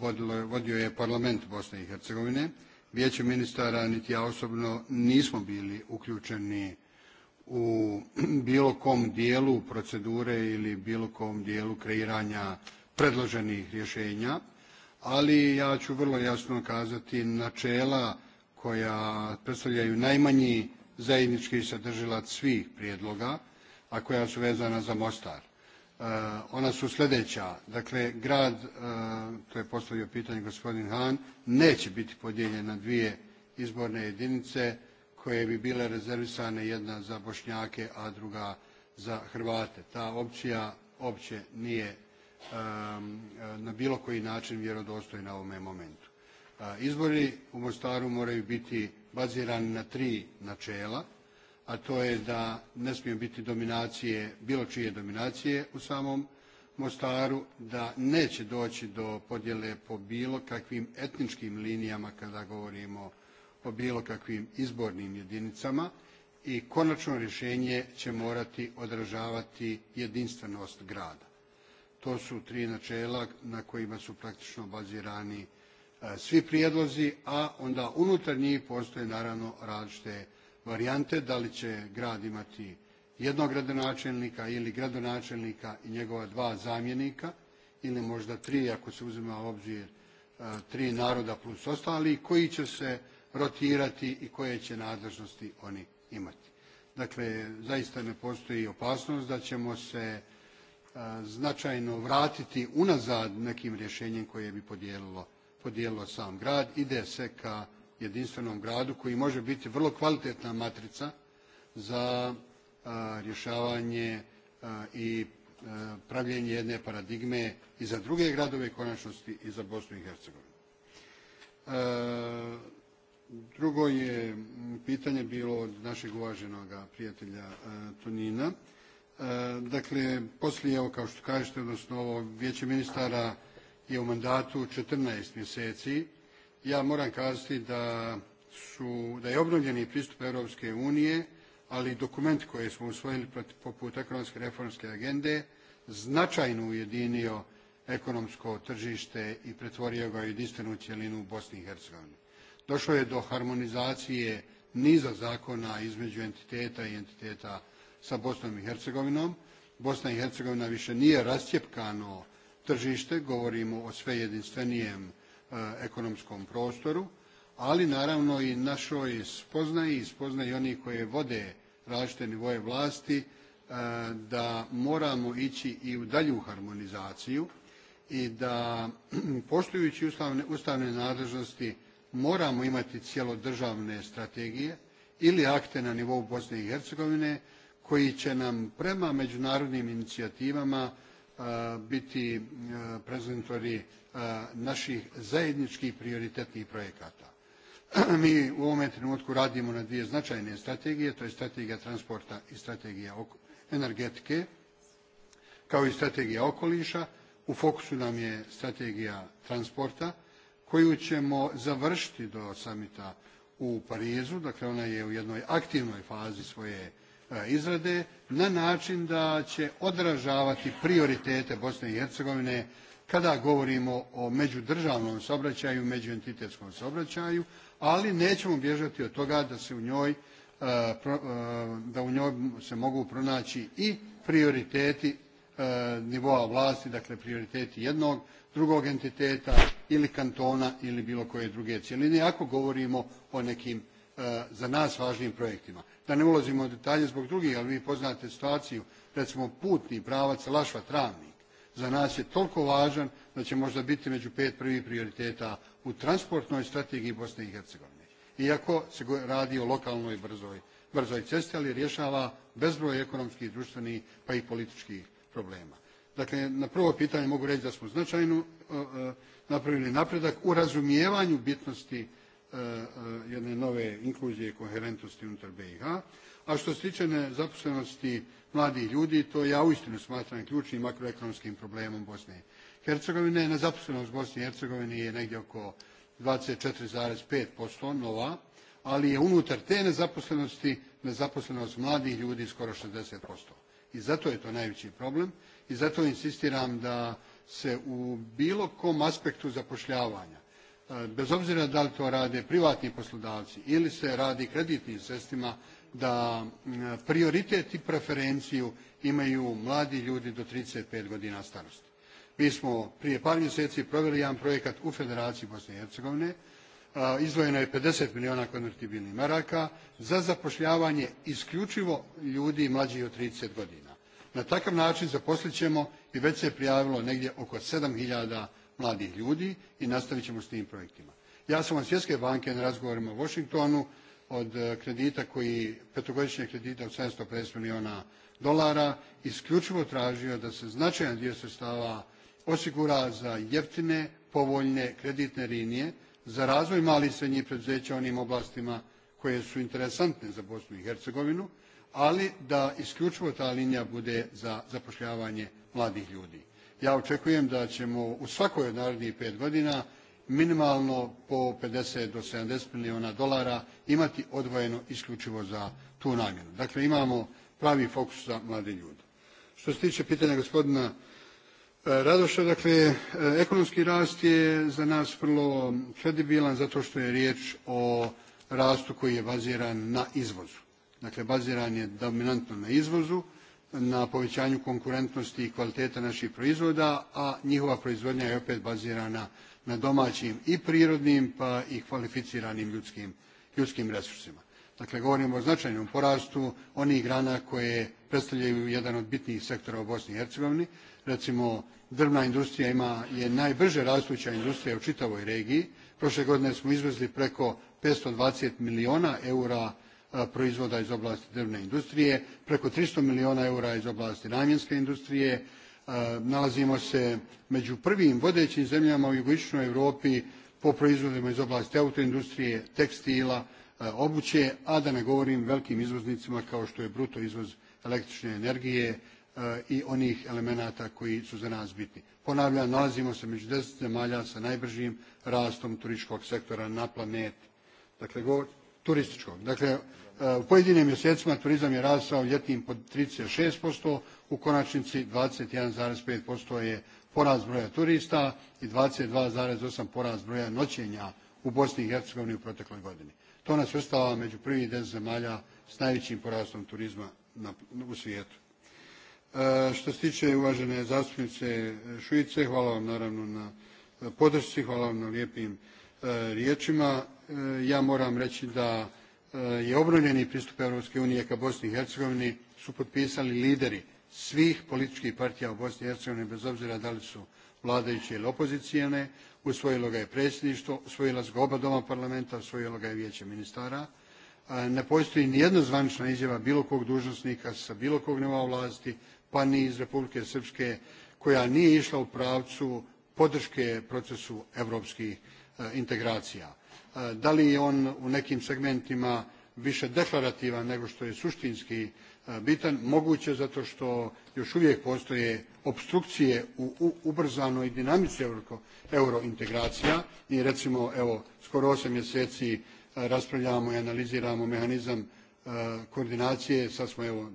vodilo, vodio je parlament Bosne i Hercegovine Vijeće ministara niti ja osobno nismo bili uključeni u bilo kom dijelu procedure ili bilo kom dijelu kreiranja predloženih rješenja, ali ja ću vrlo jasno kazati načela koja predstavljaju najmanji zajednički sadržilac svih prijedloga, a koja su vezana za Mostar ona su sljedeća. Dakle, grad, to je postavio pitanje gospodin Han, neće biti podijeljen na dvije izborne jedinice koje bi bile rezervisane jedna za Bošnjake, a druga za Hrvate. Ta opcija opće nije na bilo koji način vjerodostojna na ovome momentu. Izbori u Mostaru moraju biti bazirani na tri načela – a to je da ne smije biti dominacije, bilo čije dominacije u samom Mostaru, da neće doći do podjele po bilo kakvim etničkim linijama kada govorimo o bilo kakvim izbornim jedinicama i konačno rješenje će morati odražavati jedinstvenost grada. To su tri načela na kojima su praktično bazirani svi prijedlozi, a onda unutar njih postoje naravno različite varijante, da li će grad imati jednog gradonačelnika ili gradonačelnika i njegova dva zamjenika ili možda tri ako se uzima u obzir tri naroda plus ostali koji će se rotirati i koje će nadležnosti oni imati. Dakle, zaista ne postoji opasnost da ćemo se značajno vratiti unazad nekim rješenjem koje bi podijelilo, podijelilo sam grad. Ide se ka jedinstvenom gradu koji može biti vrlo kvalitetna matrica za rješavanje i pravljenje jedne paradigme i za druge gradove i konačnosti i za Bosnu i Hercegovini. Drugo je pitanje bilo od našeg uvaženog prijatelja Tonina. Dakle, poslije, evo kao što kažete, odnosno ovo vijeće ministara je u mandatu 14 mjeseci, ja moram kazati da su, da je obnovljeni pristup Europske unije, ali dokument koji smo usvojili poput ekonomske reformske agende, značajno ujedinio ekonomsko tržište i pretvorio ga u jedinstvenu cjelinu u Bosni i Hercegovini. Došlo je do harmonizacije niza zakona između entiteta i entiteta sa Bosnom i Hercegovinom. Bosna i Hercegovina više nije rascjepkano tržište, govorimo o sve jedinstvenijem ekonomskom prostoru, ali naravno i našoj spoznaji i spoznaji onih koje vode različite nivoje vlasti da moramo ići i u dalju harmonizaciju i da poštujući ustavne, ustavne nadležnosti moramo imati cjelodržavne strategije ili akte na nivou Bosne i Hercegovine koji će nam prema međunarodnim inicijativama biti prezentori naših zajedničkih prioritetnih projekata. Mi u ovome trenutku radimo na dvije značajne strategije, to je strategija transporta i strategija energetike, kao i strategija okoliša. U fokusu nam je strategija transporta, koju ćemo završiti do samita u Parizu, dakle ona je u jednoj aktivnoj fazi svoje izrade na način da će odražavati prioritete Bosne i Hercegovine kada govorimo o međudržavnom saobraćaju, međuentitetskom saobraćaju, ali nećemo bježati od toga da se u njoj da u njoj se mogu pronaći i prioriteti nivoa vlasti, dakle prioriteti jednog, drugog entiteta ili kantona ili bilo koje druge cjeline, ako govorimo o nekim za nas važnijim projektima. Da ne ulazimo u detalje zbog drugih, ali vi poznate situaciju, recimo putni pravac Lašva-Travnik, za nas je toliko važan da će možda biti među pet prvih prioriteta u transportnoj strategiji Bosne i Hercegovine. Iako se radi o lokalnoj brzoj, brzoj cesti, ali rješava bezbroj ekonomskih, društvenih pa i političkih problema. Dakle, na prvo pitanje mogu reći da smo značajno napravili napredak u razumijevanju bitnosti jedne nove inkluzije i koherentnosti unutar BiH. A što se tiče nezaposlenosti mladih ljudi, to ja uistinu smatram ključnim makroekonomskim problemom Bosne i Hercegovine. Nezaposlenost Bosne i Hercegovine je negdje oko 24,5% nova, ali je unutar te nezaposlenosti nezaposlenost mladih ljudi skoro 60%. I zato je to najveći problem i zato insistiram da se u bilo kom aspektu zapošljavanja bez obzira da li to rade privatni poslodavci ili se radi kreditnim sredstvima, da prioritet i preferenciju imaju mladi ljudi do 35 godina starosti. Mi smo prije par mjeseci proveli jedan projekat u Federaciji Bosne i Hercegovine, izdvojeno je 50 milijuna konvertibilnih maraka za zapošljavanje isključivo ljudi mlađih od 30 godina. Na takav način zaposlit ćemo i već se prijavilo negdje oko 7.000 mladih ljudi i nastavit ćemo s tim projektima. Ja sam od Svjetske banke na razgovorima u Washingtonu od kredita koji, petogodišnjeg kredita od 750 milijuna dolara, isključivo tražio da se značajan dio sredstava osigura za jeftine, povoljne kreditne linije za razvoj malih i srednjih preduzeća u onim oblastima koje su interesantne za Bosnu i Hercegovinu, ali da isključivo ta linija bude za zapošljavanje mladih ljudi ja očekujem da ćemo u svakoj od narednih pet godina minimalno po 50 do 70 milijuna dolara imati odvojeno isključivo za tu namjenu. Dakle, imamo pravi fokus za mlade ljude. Što se tiče pitanja gospodina Radoša, dakle, ekonomski rast je za nas vrlo kredibilan zato što je riječ o rastu koji je baziran na izvozu. Dakle, baziran je dominantno na izvozu na povećanju konkurentnosti i kvalitete naših proizvoda, a njihova proizvodnja je opet bazirana na domaćim i prirodnim pa i kvalificiranim ljudskim, ljudskim resursima. Dakle, govorimo o značajnom porastu onih grana koje predstavljaju jedan od bitnijih sektora u Bosni i Hercegovini. Recimo, drvna industrija ima, je najbrže rastuća industrija u čitavoj regiji. Prošle godine smo izvezli preko 520 miliona eura proizvoda iz oblasti drvne industrije, preko 300 milijuna eura iz oblasti namjenske industrije. Nalazimo se među prvim vodećim zemljama u jugoistočnoj Europi po proizvodima iz oblasti autoindustrije, tekstila, obuće, a da ne govorim velikim izvoznicima kao što je bruto izvoz električne energije i onih elemenata koji su za nas bitni. Ponavljam, nalazimo se među deset zemalja sa najbržim rastom turističkog sektora na planeti. Dakle, turističkog. Dakle, U pojedinim mjesecima turizam je rastao ljetnim po 36%, u konačnici 21,5% je porast broja turista i 22,8% porast broja noćenja u Bosni i Hercegovini u protekloj godini. To nas ustava među prvih 10 zemalja s najvećim porastom turizma na, u svijetu. E, što se tiče uvažene zastupnice šujice hvala vam naravno na podršci, hvala vam na lijepim e, riječima. E, ja moram reći da je obnovljeni pristup Europske unije ka Bosni i Hercegovini su potpisali lideri svih političkih partija u Bosni i Hercegovini, bez obzira da li su vladajuće ili opozicijene. Usvojilo ga je predsjedništvo, usvojila su ga oba doma parlamenta, usvojilo ga je vijeće ministara. Ne postoji ni jedna zvanična izjava bilo kog dužnosnika sa bilo kog nivoa vlasti, pa ni iz Republike Srpske, koja nije išla u pravcu podrške procesu evropskih integracija da li je on u nekim segmentima više deklarativan nego što je suštinski bitan, moguće zato što još uvijek postoje obstrukcije u ubrzanoj dinamici eurointegracija i recimo evo skoro osam mjeseci raspravljamo i analiziramo mehanizam koordinacije, sad smo evo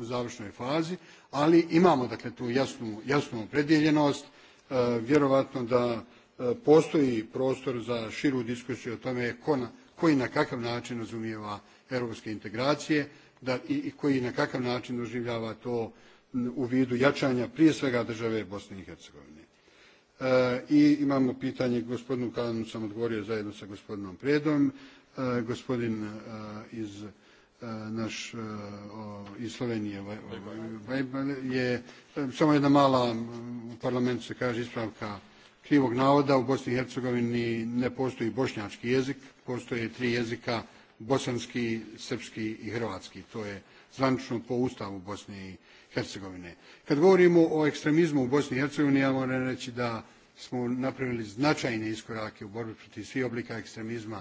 u završnoj fazi, ali imamo dakle tu jasnu opredjeljenost, vjerojatno da postoji prostor za širu diskusiju o tome koji na kakav način razumijeva europske integracije da, i, i koji na kakav način doživljava to u vidu jačanja prije svega države Bosne i Hercegovine. E, I imamo pitanje gospodinu Kalanu, sam odgovorio zajedno sa gospodinom Predom. E, gospodin e, iz naš iz Slovenije je samo jedna mala u parlamentu se kaže ispravka krivog navoda u Bosni i Hercegovini ne postoji bošnjački jezik, postoje tri jezika bosanski, srpski i hrvatski. To je zvančno po Ustavu Bosne i Hercegovine. Kad govorimo o ekstremizmu u Bosni i Hercegovini, ja moram reći da smo napravili značajne iskorake u borbi protiv svih oblika ekstremizma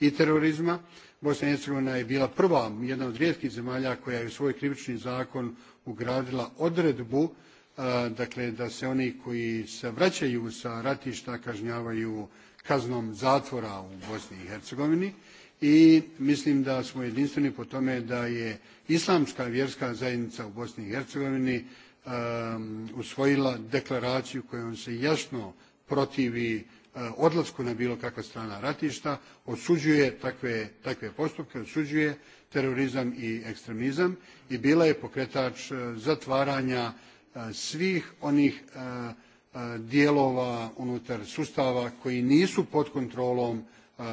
i terorizma. Bosna i Hercegovina je bila prva, jedna od rijetkih zemalja koja je u svoj krivični zakon ugradila odredbu dakle da se oni koji se vraćaju sa ratišta kažnjavaju kaznom zatvora u Bosni i Hercegovini i mislim da smo jedinstveni po tome da je islamska vjerska zajednica u Bosni i Hercegovini usvojila deklaraciju kojom se jasno protivi odlasku na bilo kakva strana ratišta, osuđuje takve, takve postupke, osuđuje terorizam i ekstremizam i bila je pokretač zatvaranja svih onih dijelova unutar sustava koji nisu pod kontrolom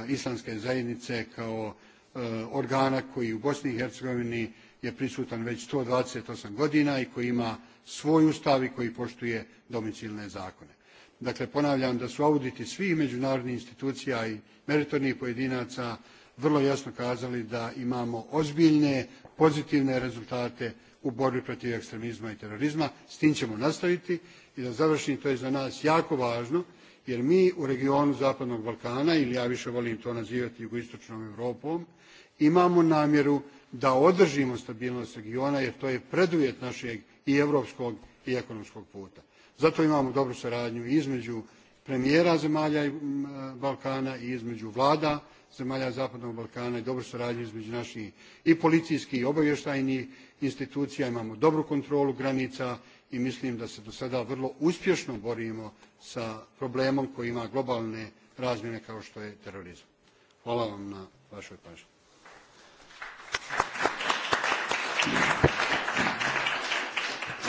islamske zajednice kao organa koji u Bosni i Hercegovini je prisutan već 128 godina i koji ima svoj ustav i koji poštuje domicilne zakone. Dakle, ponavljam da su auditi svih međunarodnih institucija i meritornih pojedinaca vrlo jasno kazali da imamo ozbiljne pozitivne rezultate u borbi protiv ekstremizma i terorizma. S tim ćemo nastaviti i da završim, to je za nas jako važno, jer mi u regionu Zapadnog Balkana, ili ja više volim to nazivati jugoistočnom Europom, imamo namjeru da održimo stabilnost regiona, jer to je preduvjet našeg i europskog i ekonomskog puta. Zato imamo dobru saradnju između premijera zemalja Balkana i između vlada zemalja Zapadnog Balkana i dobru suradnju između naših i policijskih i obavještajnih institucija, imamo dobru kontrolu granica i mislim da se do sada vrlo uspješno borimo sa problemom koji ima globalne razmjene kao što je terorizam. Hvala vam na vašoj pažnji.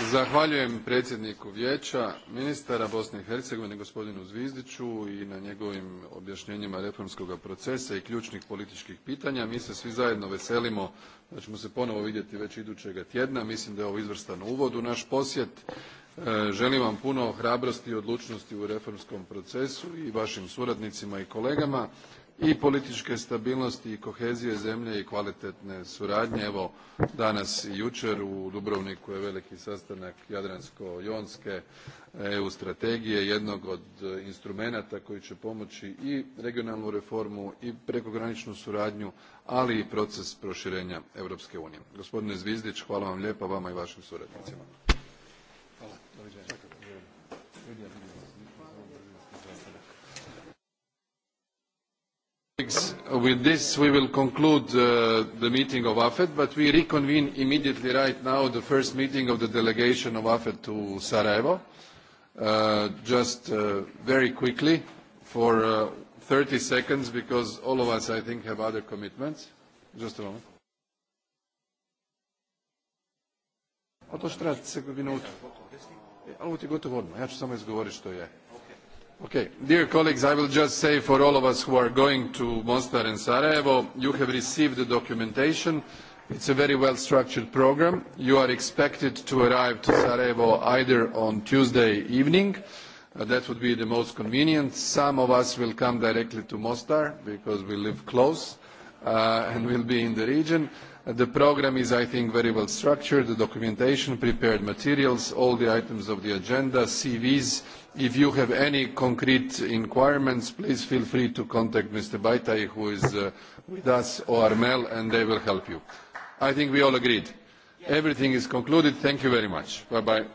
Zahvaljujem predsjedniku Vijeća ministara Bosne i Hercegovine gospodinu Zvizdiću i na njegovim objašnjenjima reformskog procesa i ključnih političkih pitanja. Mi se svi zajedno veselimo da ćemo se ponovo vidjeti već idućega tjedna. Mislim da je ovo izvrstan uvod u naš posjet. Želim vam puno hrabrosti i odlučnosti u reformskom procesu i vašim suradnicima i kolegama i političke stabilnosti i kohezije zemlje i kvalitetne suradnje. Evo danas i jučer u Dubrovniku je veliki sastanak Jadransko-jonske EU strategije, jednog od instrumenata koji će pomoći i regionalnu reformu i prekograničnu suradnju, ali i proces proširenja Europske unije. Gospodine Zvizdić, hvala vam lijepa vama i vašim suradnicima. Hvala. With this, we will conclude the meeting of AFED, but we reconvene immediately right now the first meeting of the delegation of AFED to Sarajevo. just very quickly, for thirty 30 seconds, because all of us, I think, have other commitments. Just a moment. minutu. ti gotovo odmah, ja ću samo izgovoriti što je. Okay. Dear colleagues, I will just say for all of us who are going to Mostar and Sarajevo, you have received the documentation. It's a very well-structured program. You are expected to arrive to Sarajevo either on Tuesday evening, that would be the most convenient. Some of us will come directly to Mostar because we live close, and will be in the region. The program is, I think, very well structured. The documentation, prepared materials, all the items of the agenda, CVs, If you have any concrete inquirements, please feel free to contact Mr. Baitai, who is with us, or Armel, and they will help you. I think we all agreed. Everything is concluded. Thank you very much. Bye-bye.